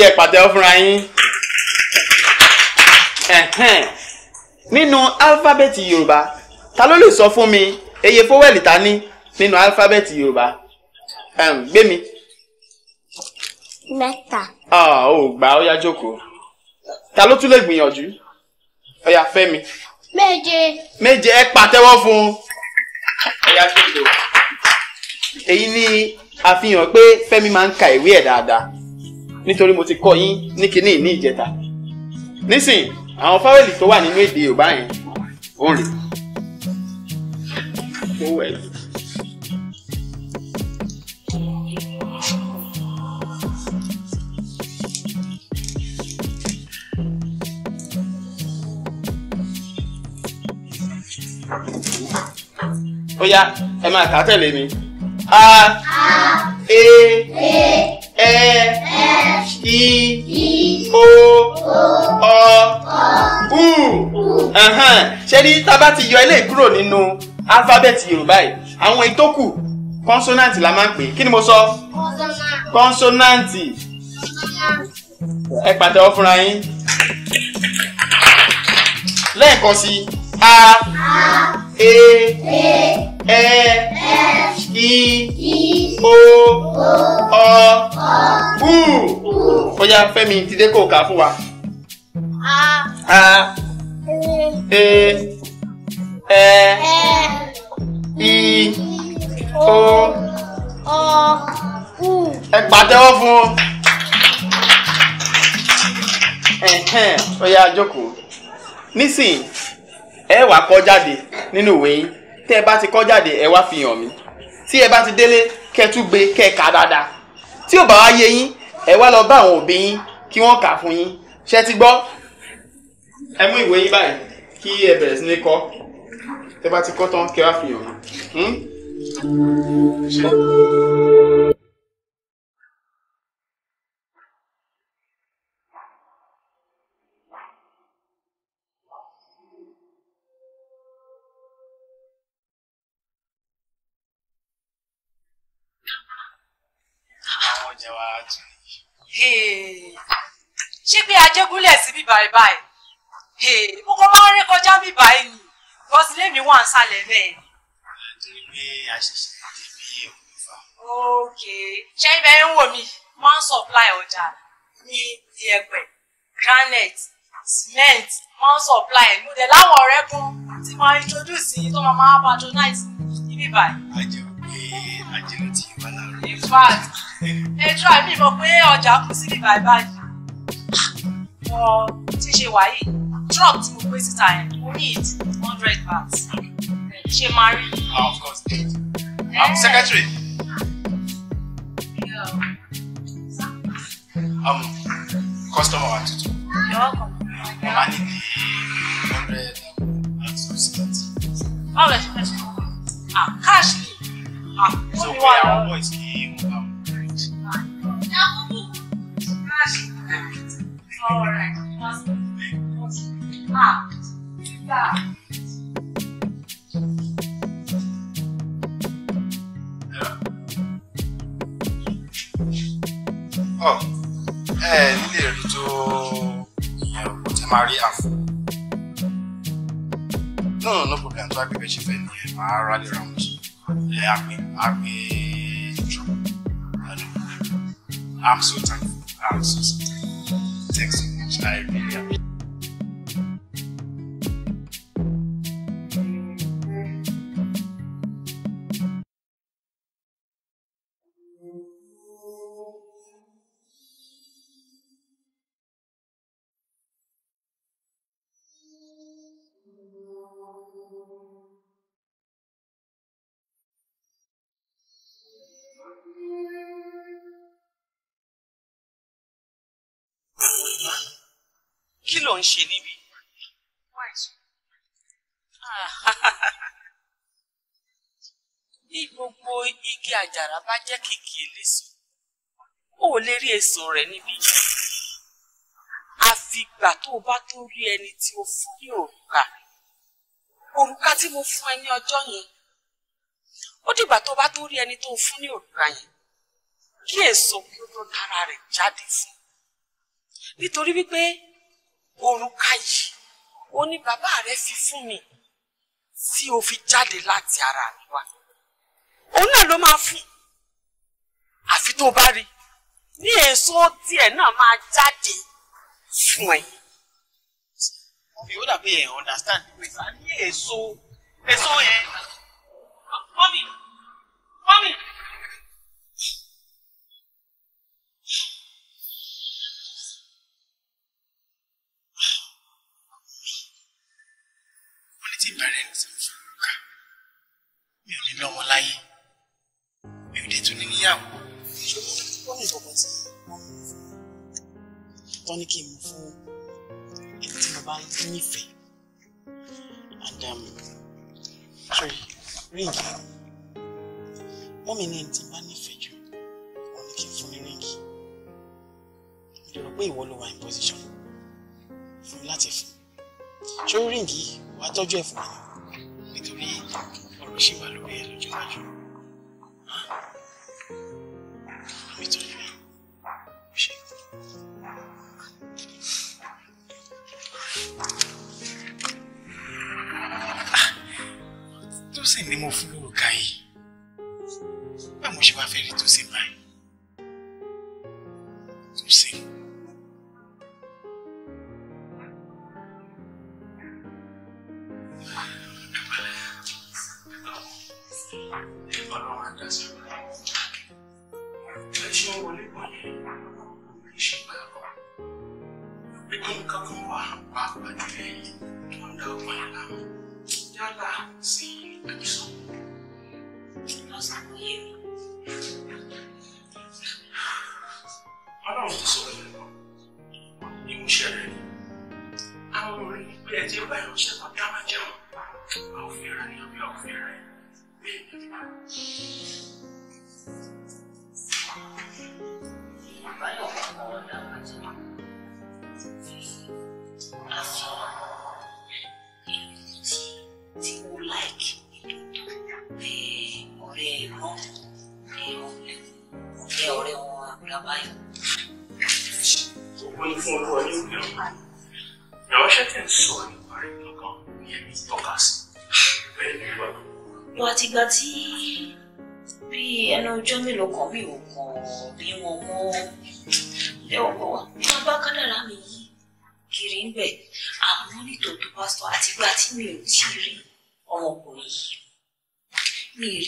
yẹ pàtẹ́wọ́ fúnra yín nínú álífábẹ́ẹ̀tì yorùbá ta ló lè sọ fún mi eye fówẹ́lì ta ní nínú álífábẹ́ẹ̀tì yorùbá gbé mi. mẹ́ta. ọ̀ ò gbà ó yá jókòó ta ló tún lè gbìyànjú ó yá fẹ́ mi. méje. méje ẹ pàtẹ́wọ́ fún un ó yá jókòó èyí ni àfihàn pé Fẹ́mi máa ń ka ìwé ẹ̀ dáadáa nítorí mo ti kọ́ yín ní kinní ní ìjẹta nísìn àwọn fáwẹ́lì tó wà nínú èdè Yorùbá yẹn ó ń rè fowẹ́lì. ó yá ẹ máa kà á tẹ̀lé mi a e. e i, I o ọ u ṣe rí tá a bá ti yọ eléyìí kúrò nínú alifábẹ́ẹ̀tì yorùbá yìí àwọn ìtókù kọ́nsọ́nàǹtì la máa ń pè kí ni mo sọ kọ́nsọ́nàǹtì ẹ pàtẹ́wọ́ fúnra yín lẹ́ẹ̀kan sí a e. e ẹ e, i o ọ u ó yá fẹ́mi dídé kò ká fún wa. a A e ẹ e. e. i o ọ u ẹ pàtẹ́wọ́ fún un. ó yá jókòó nísìnyí ẹ wàá kọ jáde nínú ìwé yín tẹ́ ẹ bá ti kọ́ jáde ẹ wá fi hàn mí tí ẹ bá ti délé kẹ́ tún gbé kẹ́ ẹ kà dáadáa tí ò bá wá yé yín ẹ wá lọ bá àwọn òbí yín kí wọ́n kà fún yín ṣé ti gbọ́ ẹ mú ìwé yín báyìí kí ẹ bẹ̀rẹ̀ sí ní kọ́ tẹ́ bá ti kọ́ tán kẹ́ wá fi hàn mí. Hmm? àwọn ọjà wa tún nìyí. ṣé pé ajégúnlẹ̀ sí bíbá ẹ báyìí mo kọ́ máa ń rí kọjá bíbá ẹ nì bọ́sí lèmi wà ń sálẹ̀ bẹ́ẹ̀. nítorí pé a ṣẹ̀ṣẹ̀ débi òkú ìfà. ṣé ibẹ̀ ń wò mí máa ń supply ọjà ní ìyẹ̀pẹ̀ granite cement máa ń supply ẹ̀ mo dẹ̀ láwọn ọ̀rẹ́ kan tí máa introduce yìí tó máa máa patronize níbí báyìí bad ẹ try mi mọ̀ pé ọjà kù sí bíbá ẹ báyìí wọn ti ṣe wáyé drop tí mo gbé síta yẹn mo ní it hundred baht She máa rí. Ah, of course I'm ah, eh. secretary. Yeah. Um, customer wa tuntun. You're welcome. Mo máa ní ní hundred and some cents. Báwo lẹ Ah, cash ni. Ah, it's our voice key. Alright. Ah, no no problem tó agbègbè ṣe fẹ nìyẹn máa rálé ra wọn i i I am so thankful. I'm so, so thankful. Thanks so much. I really appreciate ń ṣe níbí. bí gbogbo igi àjàrà bá jẹ́ kìkì eléso ó lè rí èso rẹ̀ níbí àfìgbà tó bá tó rí ẹni tí o fún ní òrùka òrùka tí mo fún ẹ ní ọjọ́ yẹn ó dìgbà tó bá tó rí ẹni tó fún ní òrùka yẹn kí èso kí ó tó dára rẹ̀ jáde fún nítorí wípé òrùka yìí ó ní bàbá rẹ fi fún mi tí o fi jáde láti ara mi wá òun náà ló máa fún àfi tó bá rí ní èso tiẹ̀ náà máa jáde fún ẹ. yóò dàbí ẹ̀ understand pé a ní èso èso yẹn. mọ́mí mọ́mí. ti bẹ̀rẹ̀ ní sẹ́fún ọ̀gá ah, mi ò ní lọ́mọ láyé mi ò dẹ̀ tún ní níyàwó. ó ní ìbọ̀bọ̀ tí wọ́n mú fún wọn ní kí n mú fún ẹni tí mo bá nífẹ̀ẹ́ and um, sorry ríǹgì wọ́n mi ní ẹni tí mo bá nífẹ̀ẹ́ jù wọ́n ní kí n fún ní ríǹgì mo lè pé ìwọ ló wà in position fún mi láti fún ṣé ó ríǹgì yìí wà á tọ́jú ẹ̀ fún mi nítorí ọ̀rọ̀ ṣì wà lórí ẹ̀ lọ́jọ́ iwájú. mi tọ́jú ẹ̀ ó ṣe. Ah, tó sì ní mo fún lórúkà yìí báwo ṣe wá fẹ́ rí tó sì báyìí tó sì.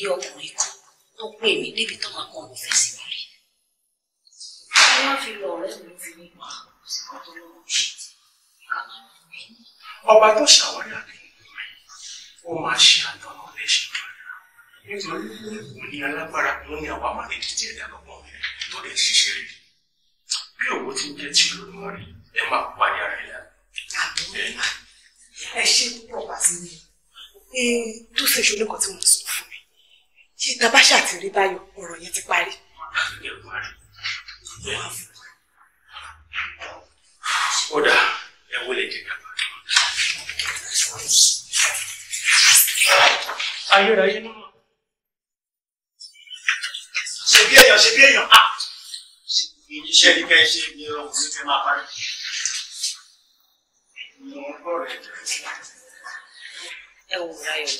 rí ọkùnrin kan wọ́n pè mí débi táwọn kan ò fẹ́ sí mi rí. ṣé wọ́n fi lọ ọ̀rẹ́ mi obìnrin pa kò sí kan tó lọ́wọ́ ṣe ká má lọ bí. ọba tó ṣàwádà ní ó máa ṣe àtọ̀nà lẹ́sẹ̀ nítorí òun ni alágbára ló ní àwa máa ní títí ẹ̀dá lọ́gbọ̀n tó lè ṣiṣẹ́ rí bí òwò ti jẹ́ tí olódùmọ̀ rí ẹ máa pàdé ara ẹ̀ lára. ẹ ṣe púpọ̀ bá sí mi tó ṣe ṣe olóko tí mo sọ kí iná bá ṣàtìrí báyọ ọ̀rọ̀ yẹn ti parí. kódà ẹ wọlé jẹ ká pàdé. ayérayé náà. ṣe bí èèyàn ṣe bí èèyàn. ìṣe ni ká ẹ ṣe ni ohun tí ẹ máa parí. ẹ wò ráyọ̀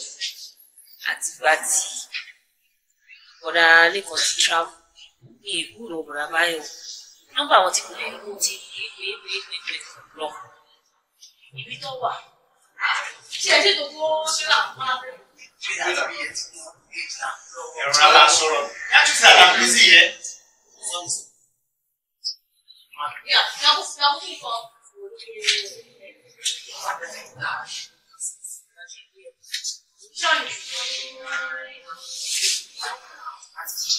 àtìgbà tí bọ̀dà lẹ́kọ̀ọ́ ti travel ní ìgbúrò bọ̀dà báyọ̀ nọ́mbà àwọn tí kò lè mú ti pé pé pé pé lọ ibi tó wà. ṣé ẹ ṣe tó kó sílà fún ẹ̀rọ ara sọ̀rọ̀ láti fi àlàbí sí yẹ. Yeah, that was that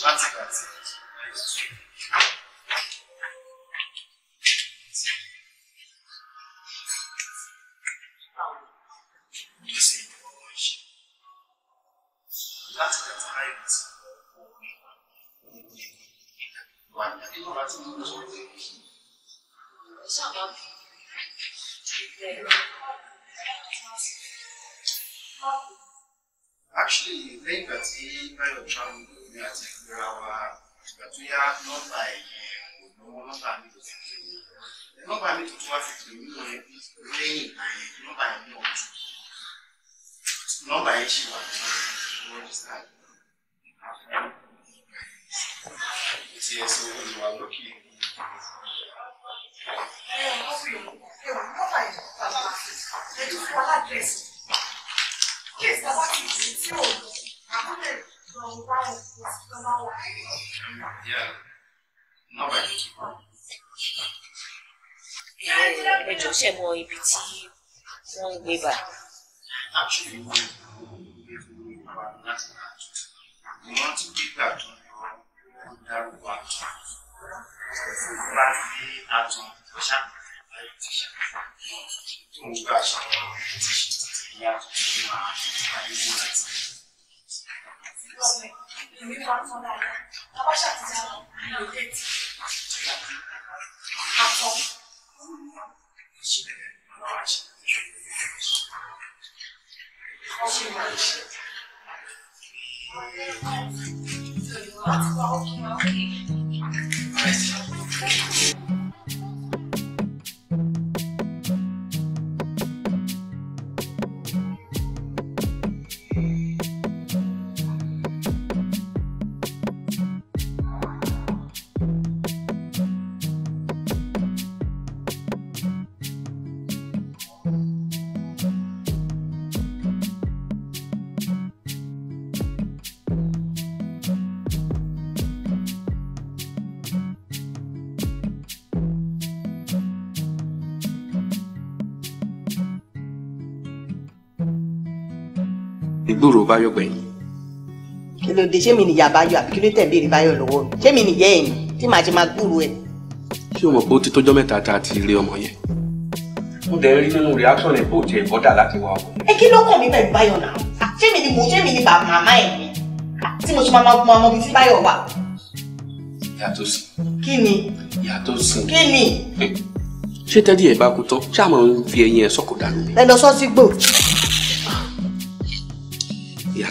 láti Thank you. lẹ́yìn ìgbà tí báyọ̀ travel ní àti ìgbéra wa ìgbà tó yá nọ́mbà ẹ̀yìn kò lọ́wọ́ nọ́mbà mi tó fi pè mí nọ́mbà mi tó tún wá fi pè mí lọ lẹ́yìn nọ́mbà yẹn náà tún nọ́mbà yẹn ṣì wà ní rẹ́gísítà ti ẹ sọ wọn ẹjọ ṣe mọ ibi tí wọn ń gbé bá. wọ́n ti Okay. All right. báyọ̀ gbẹ̀yìn. kí ló dé ṣé mi nìyá báyọ̀ àbí kí ló tẹ̀ béèrè báyọ̀ lọ́wọ́ mi ṣé mi nìyá ẹ̀ ni tí màá ṣe máa gbúrò ẹ̀. ṣé o mọ̀ pé ó ti tọ́jọ́ mẹ́ta tá a ti rí ọmọ yẹn. mo dẹ̀ rí nínú reaction ẹ̀ bó tiẹ̀ bọ́dà láti wá ọmọ. ẹ kí ló kàn mí pẹ̀lú báyọ̀ náà ṣé mi ni mo ṣé mi ni bàbá màmá ẹ̀ ni tí mo ṣe máa mọ ọmọ mi tí báyọ̀ wà. yàtọ̀ sí. kí ni. yàtọ̀ sí. ṣé tẹ́lẹ̀ ẹ̀ bá kú tán ṣáà máa ń fi ẹyin ẹ̀ sọ̀kò dànù. ẹ lọ sọ́ọ́ sí gbò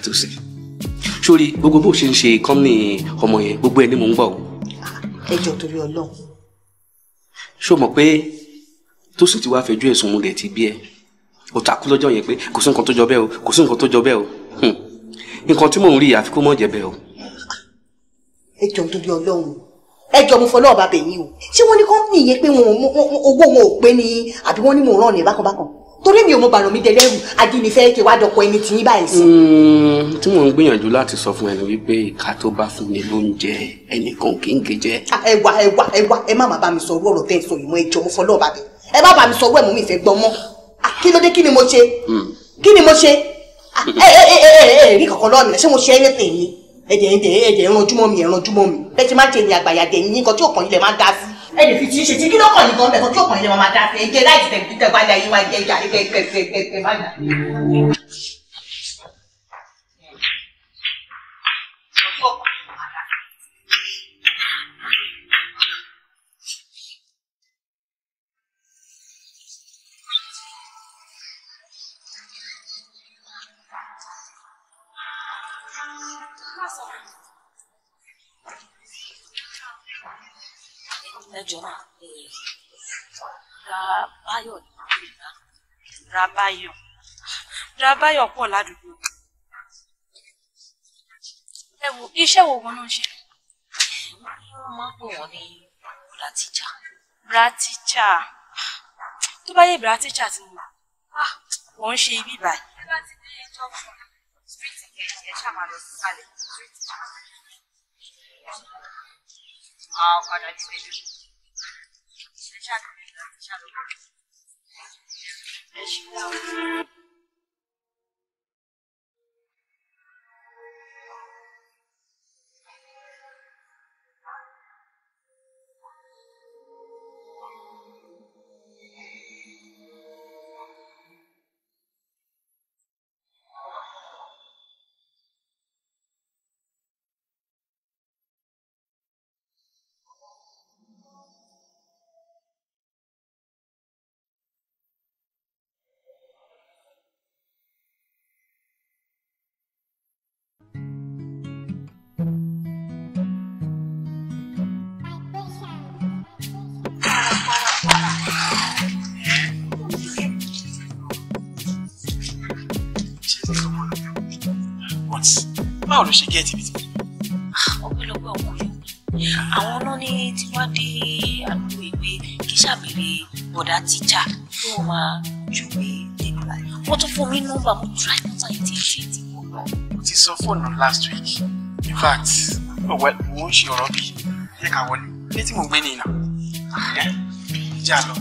àtòsí sórí gbogbo bó ṣe ń ṣe kọ́mìnì ọmọ yẹn gbogbo ẹ ní mò ń gbọ́ o. ẹjọ́ torí Ọlọ́run. ṣó mọ̀ pé tó sì ti wá fẹjọ́ ẹ̀sùn mu ti bí ẹ o takú lọ́jọ́ yẹn pé kò sí nǹkan tó jọ bẹ́ẹ̀ o kò sí nǹkan tó jọ bẹ́ẹ̀ o hmm. nǹkan tí mò ń rí àfi kó mọ̀ jẹ́ bẹ́ẹ̀ o. ẹjọ́ torí Ọlọ́run ẹjọ́ mo fọlọ́ọ̀bà bẹ̀yìn o ṣé wọ́n ní kọ́mìnì yẹn pé owó wọn ò pé ni àbí wọ́n ní mò ń rán ọ̀nà ìbákanbákan torí mi ò mọ bàrùn mi dẹlẹ́rù ajínigbé kí wàá dọ̀pọ̀ ẹni tí yín báyìí sí. Hmm, tí mò ń gbìyànjú láti sọ fún ẹni wípé ìka tó bá fún mi ló ń jẹ ẹnìkan kì í gé jẹ. ẹwà ẹwà ẹwà ẹ má má bá mi sọ orú ọ̀rọ̀ tẹ́ ẹ sọ ìmọ̀ ẹjọ́ mo fọlọ́ bàbẹ ẹ má bá mi sọ orú ẹ̀ mú mi fẹ́ gbọ́n mọ́ ah, kí ló dé kí ni mo ṣe hmm. kí ni mo ṣe ah, ẹ ẹ ẹ ẹ ẹ rí kọ̀kọ́ lọ́ọ̀ mi ṣé mo ṣe anything ni ẹ̀jẹ̀ ẹ̀jẹ̀ ẹ̀jẹ̀ ẹ̀ranjúmọ́ mi ẹ̀ranjúmọ́ mi bẹ́ẹ̀ ti má ṣe ni àgbàyàjẹ̀ yín nǹkan tí òkàn yìí lẹ̀ má dá sí ẹ lè fi tí ń ṣe tí kí ló kàn yín gan bẹ tó kí òkàn lè máa dá sí ẹ jẹ láì tẹ tẹ balẹ̀ ayé wa jẹ jàre kẹkẹkẹkẹ báyìí. ẹ jọ mà Rábáyọ̀ ni ládùúgbò ẹ wo wo wọn náà ṣe wọ́n máa ń pè wọ́n ní bratíjà bratíjà tó bá yẹ bratíjà ti ah, mọ̀ wọ́n ń ṣe ibi báyìí. ẹ bá ti dé ẹjọ́ fún street Thank you. báwo ló ṣe gé ẹtì bìtì. ọpẹ́lọpẹ́ ọkùnrin mi àwọn náà ní tí wọ́n dé àgbo ìwé kí sàbẹrẹ bọdà tíjà kí wọ́n máa júwe nígbà wọ́n tún fún mi nọ́mbà mo try to find it ṣe ti wọ náà. mo ti sọ fóònù last week in fact mo ń ṣe ọ̀rọ̀ bíi yẹ ká wọlé létí mo gbé ní ìnà ìjà lọ.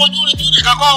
fojú rí jù nìkan kọ́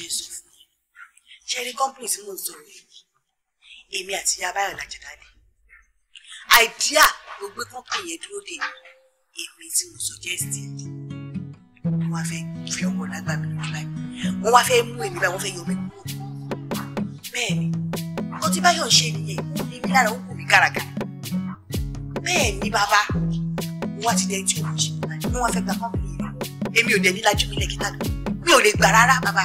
jẹ́ sọ fún yín ṣe rí company tí mò ń sọ̀rọ̀ yìí èmi àti ìyá báyọ̀ làjẹ̀ dání àìdíà ló gbé company yẹn dúró dé èmi tí mo suggest wọ́n wá fẹ́ fi ọmọ lágbà mi lójú láì wọ́n wá fẹ́ mú èmi báyìí wọ́n fẹ́ yọ mí kúrò bẹ́ẹ̀ ni nǹkan báyọ̀ ṣe nìyẹn èmi lára ó kù mí gàràgàrà bẹ́ẹ̀ bàbá mo wá ti dẹ́ tí òun jì wọ́n wá fẹ́ gba company yẹn èmi ò dẹ̀ ní lajú mi lẹ́kítà mi ò lè gbà rárá bàbá.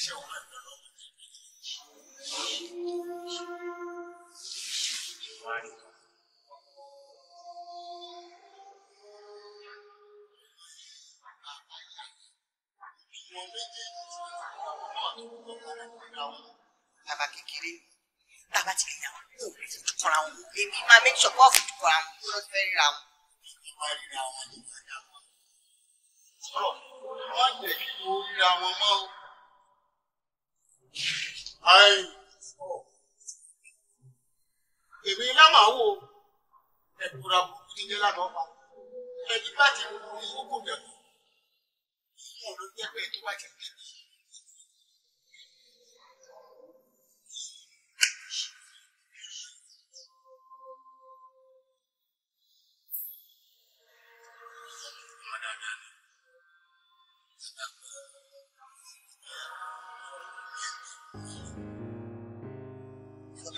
bàbá kékeré bàbá ti lè yà wọn àyìn èmi láwọn àwò ẹ̀dùnra burúkú ti jẹ́ lánàá pa bá ti wù ú kó bẹ̀rù ọ̀rọ̀ ní ẹgbẹ́ tó bá jẹ́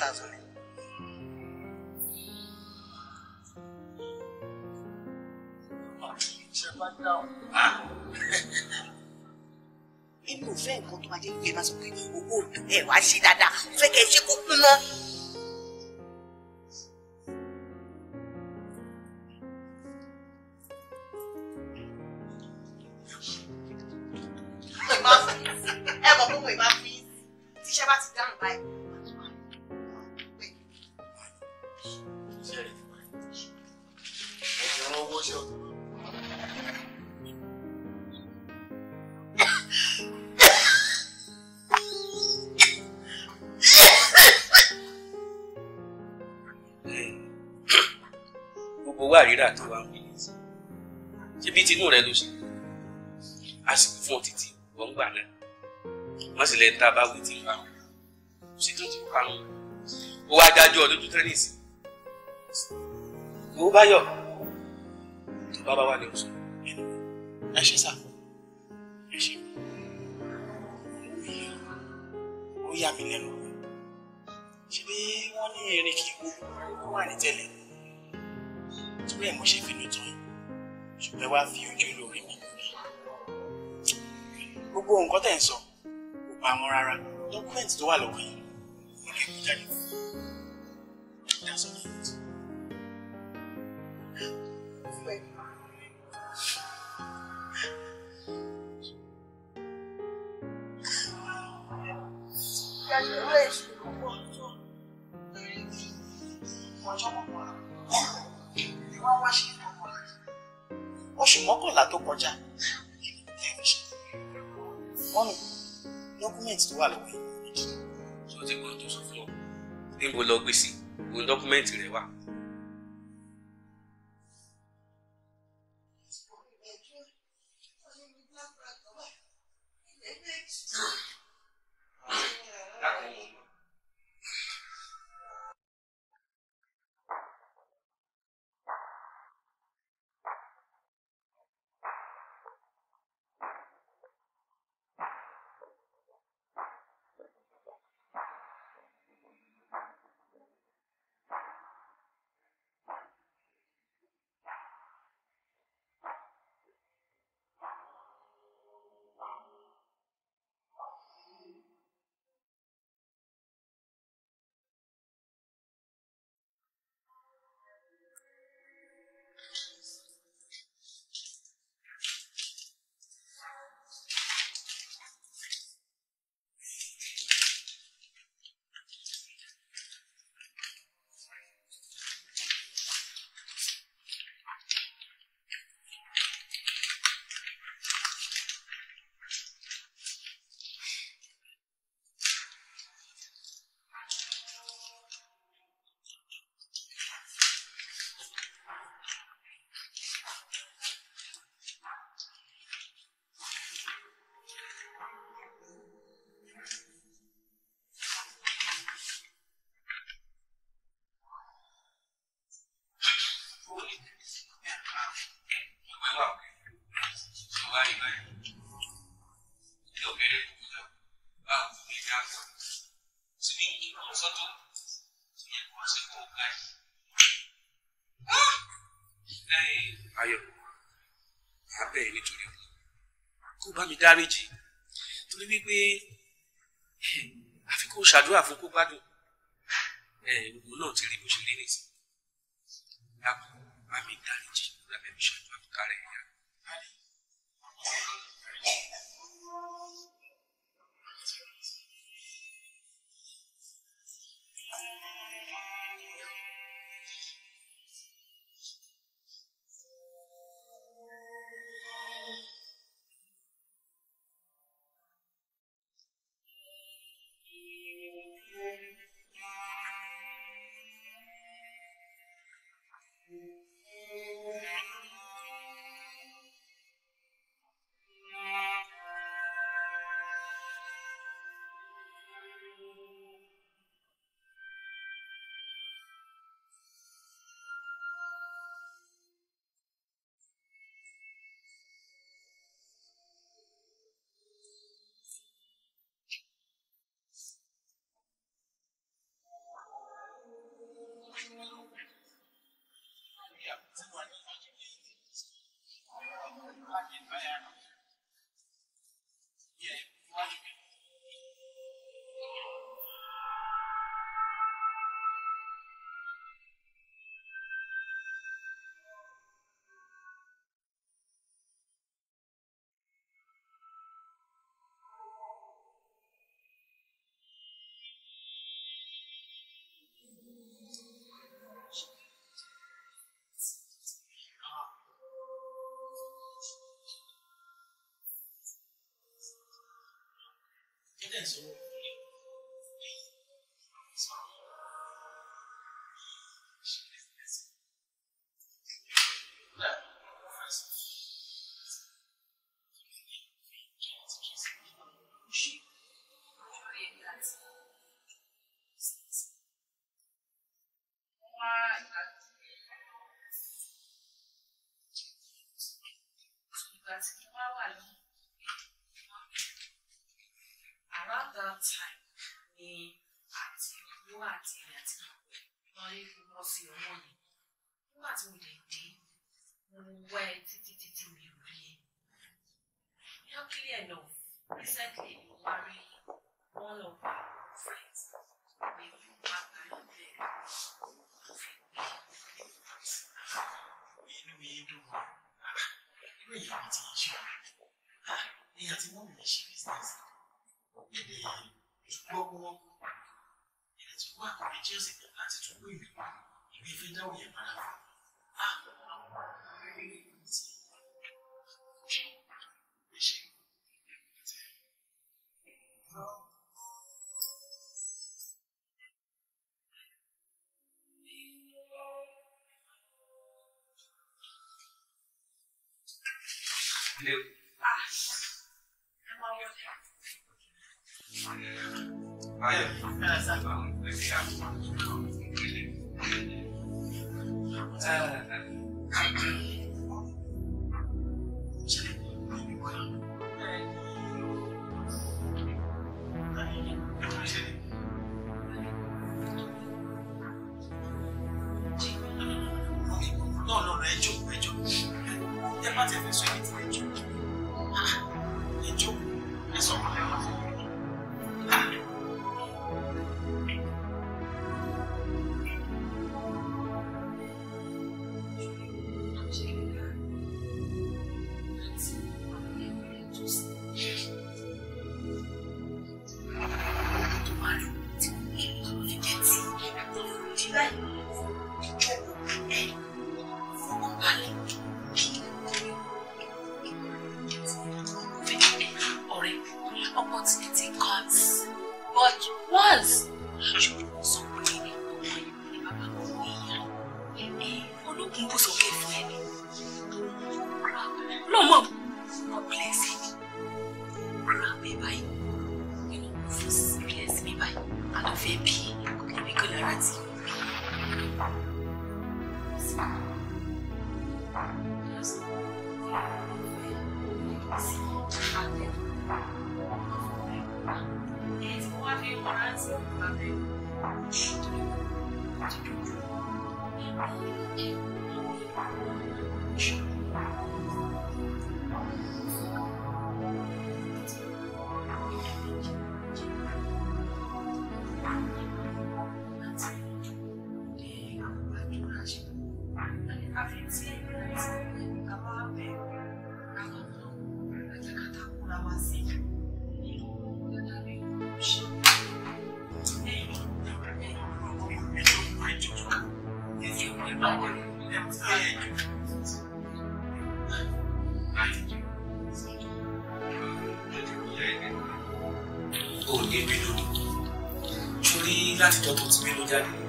thousand ni. nínú ìfẹ́ nǹkan tó máa jẹ́ ìgbé máa sọ pé owó ẹ̀ wá ṣe dáadáa fẹ́ kẹ́ owó àrírà tó wà ń bí yìí ṣe bí tinú rẹ ló ṣe àsìkò fún ọ títí wọn gbà náà wọn sì lẹ ń ta bá wí tí ń bá wọn kò sí tó ti pa wọn ó wá dájú ọ lójú tẹnísì kò bá yọ tó bá bá wà ní ọsùn ẹ ṣe sá ẹ ṣe ó yà mí lẹ́nu ṣe bí wọn ní erin kì í wo wọn wà ní tẹ́lẹ̀ torí ẹ̀ mo ṣe fi lóòótọ́ yìí ṣùgbọ́n ẹ wá fi ojú lórí mi gbogbo nǹkan tẹ̀ ń sọ kò bá wọn rárá dọ́kúmẹ́ǹtì tó wà lọ́kàn yìí mo lè kú jáde fún un that's all right. Congratulations. wọ́n wá ṣe ìdánwò rẹ̀ oṣù mọ́kànlá tó kọjá wọ́n ní dọ́kúmẹ́ǹtì tó wà lọ́wọ́ yìí. ṣé o ti gbọ́dọ̀ sọ fún ọ níbo lọ gbé sí wo rẹ wà bá mi dáríjì torí wípé àfi kó ṣàdúrà fún kó gbádùn ẹ òun náà ti rí bó ṣe rí nìyí. Yes. time ni àti owó àti èrè àti gbogbo lọ́rí lọ sí ọwọ́ ni nígbà tí mo lè dé mo wẹ́ títí títí mi ò rí e. yóò clear enough recently mo wá one of our friends mi ò bá pẹ̀lú bẹ́ẹ̀ mo fi gbé inú mi dùn mọ́ inú ìyá mi ti ń ṣe ní àti mọ́ mi ṣe business. kíyèsí pé àti tún wé ìpamọ́ ìgbẹ́fẹ́ dáwọ̀ yẹn padà wá. ò ní bínú ni torí láti tọ́tọ̀ tí mi ló jáde.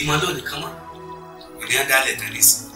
ìmọ̀ lónìí kan mọ́ ìdí wọn dálẹ̀ tán lé sí i.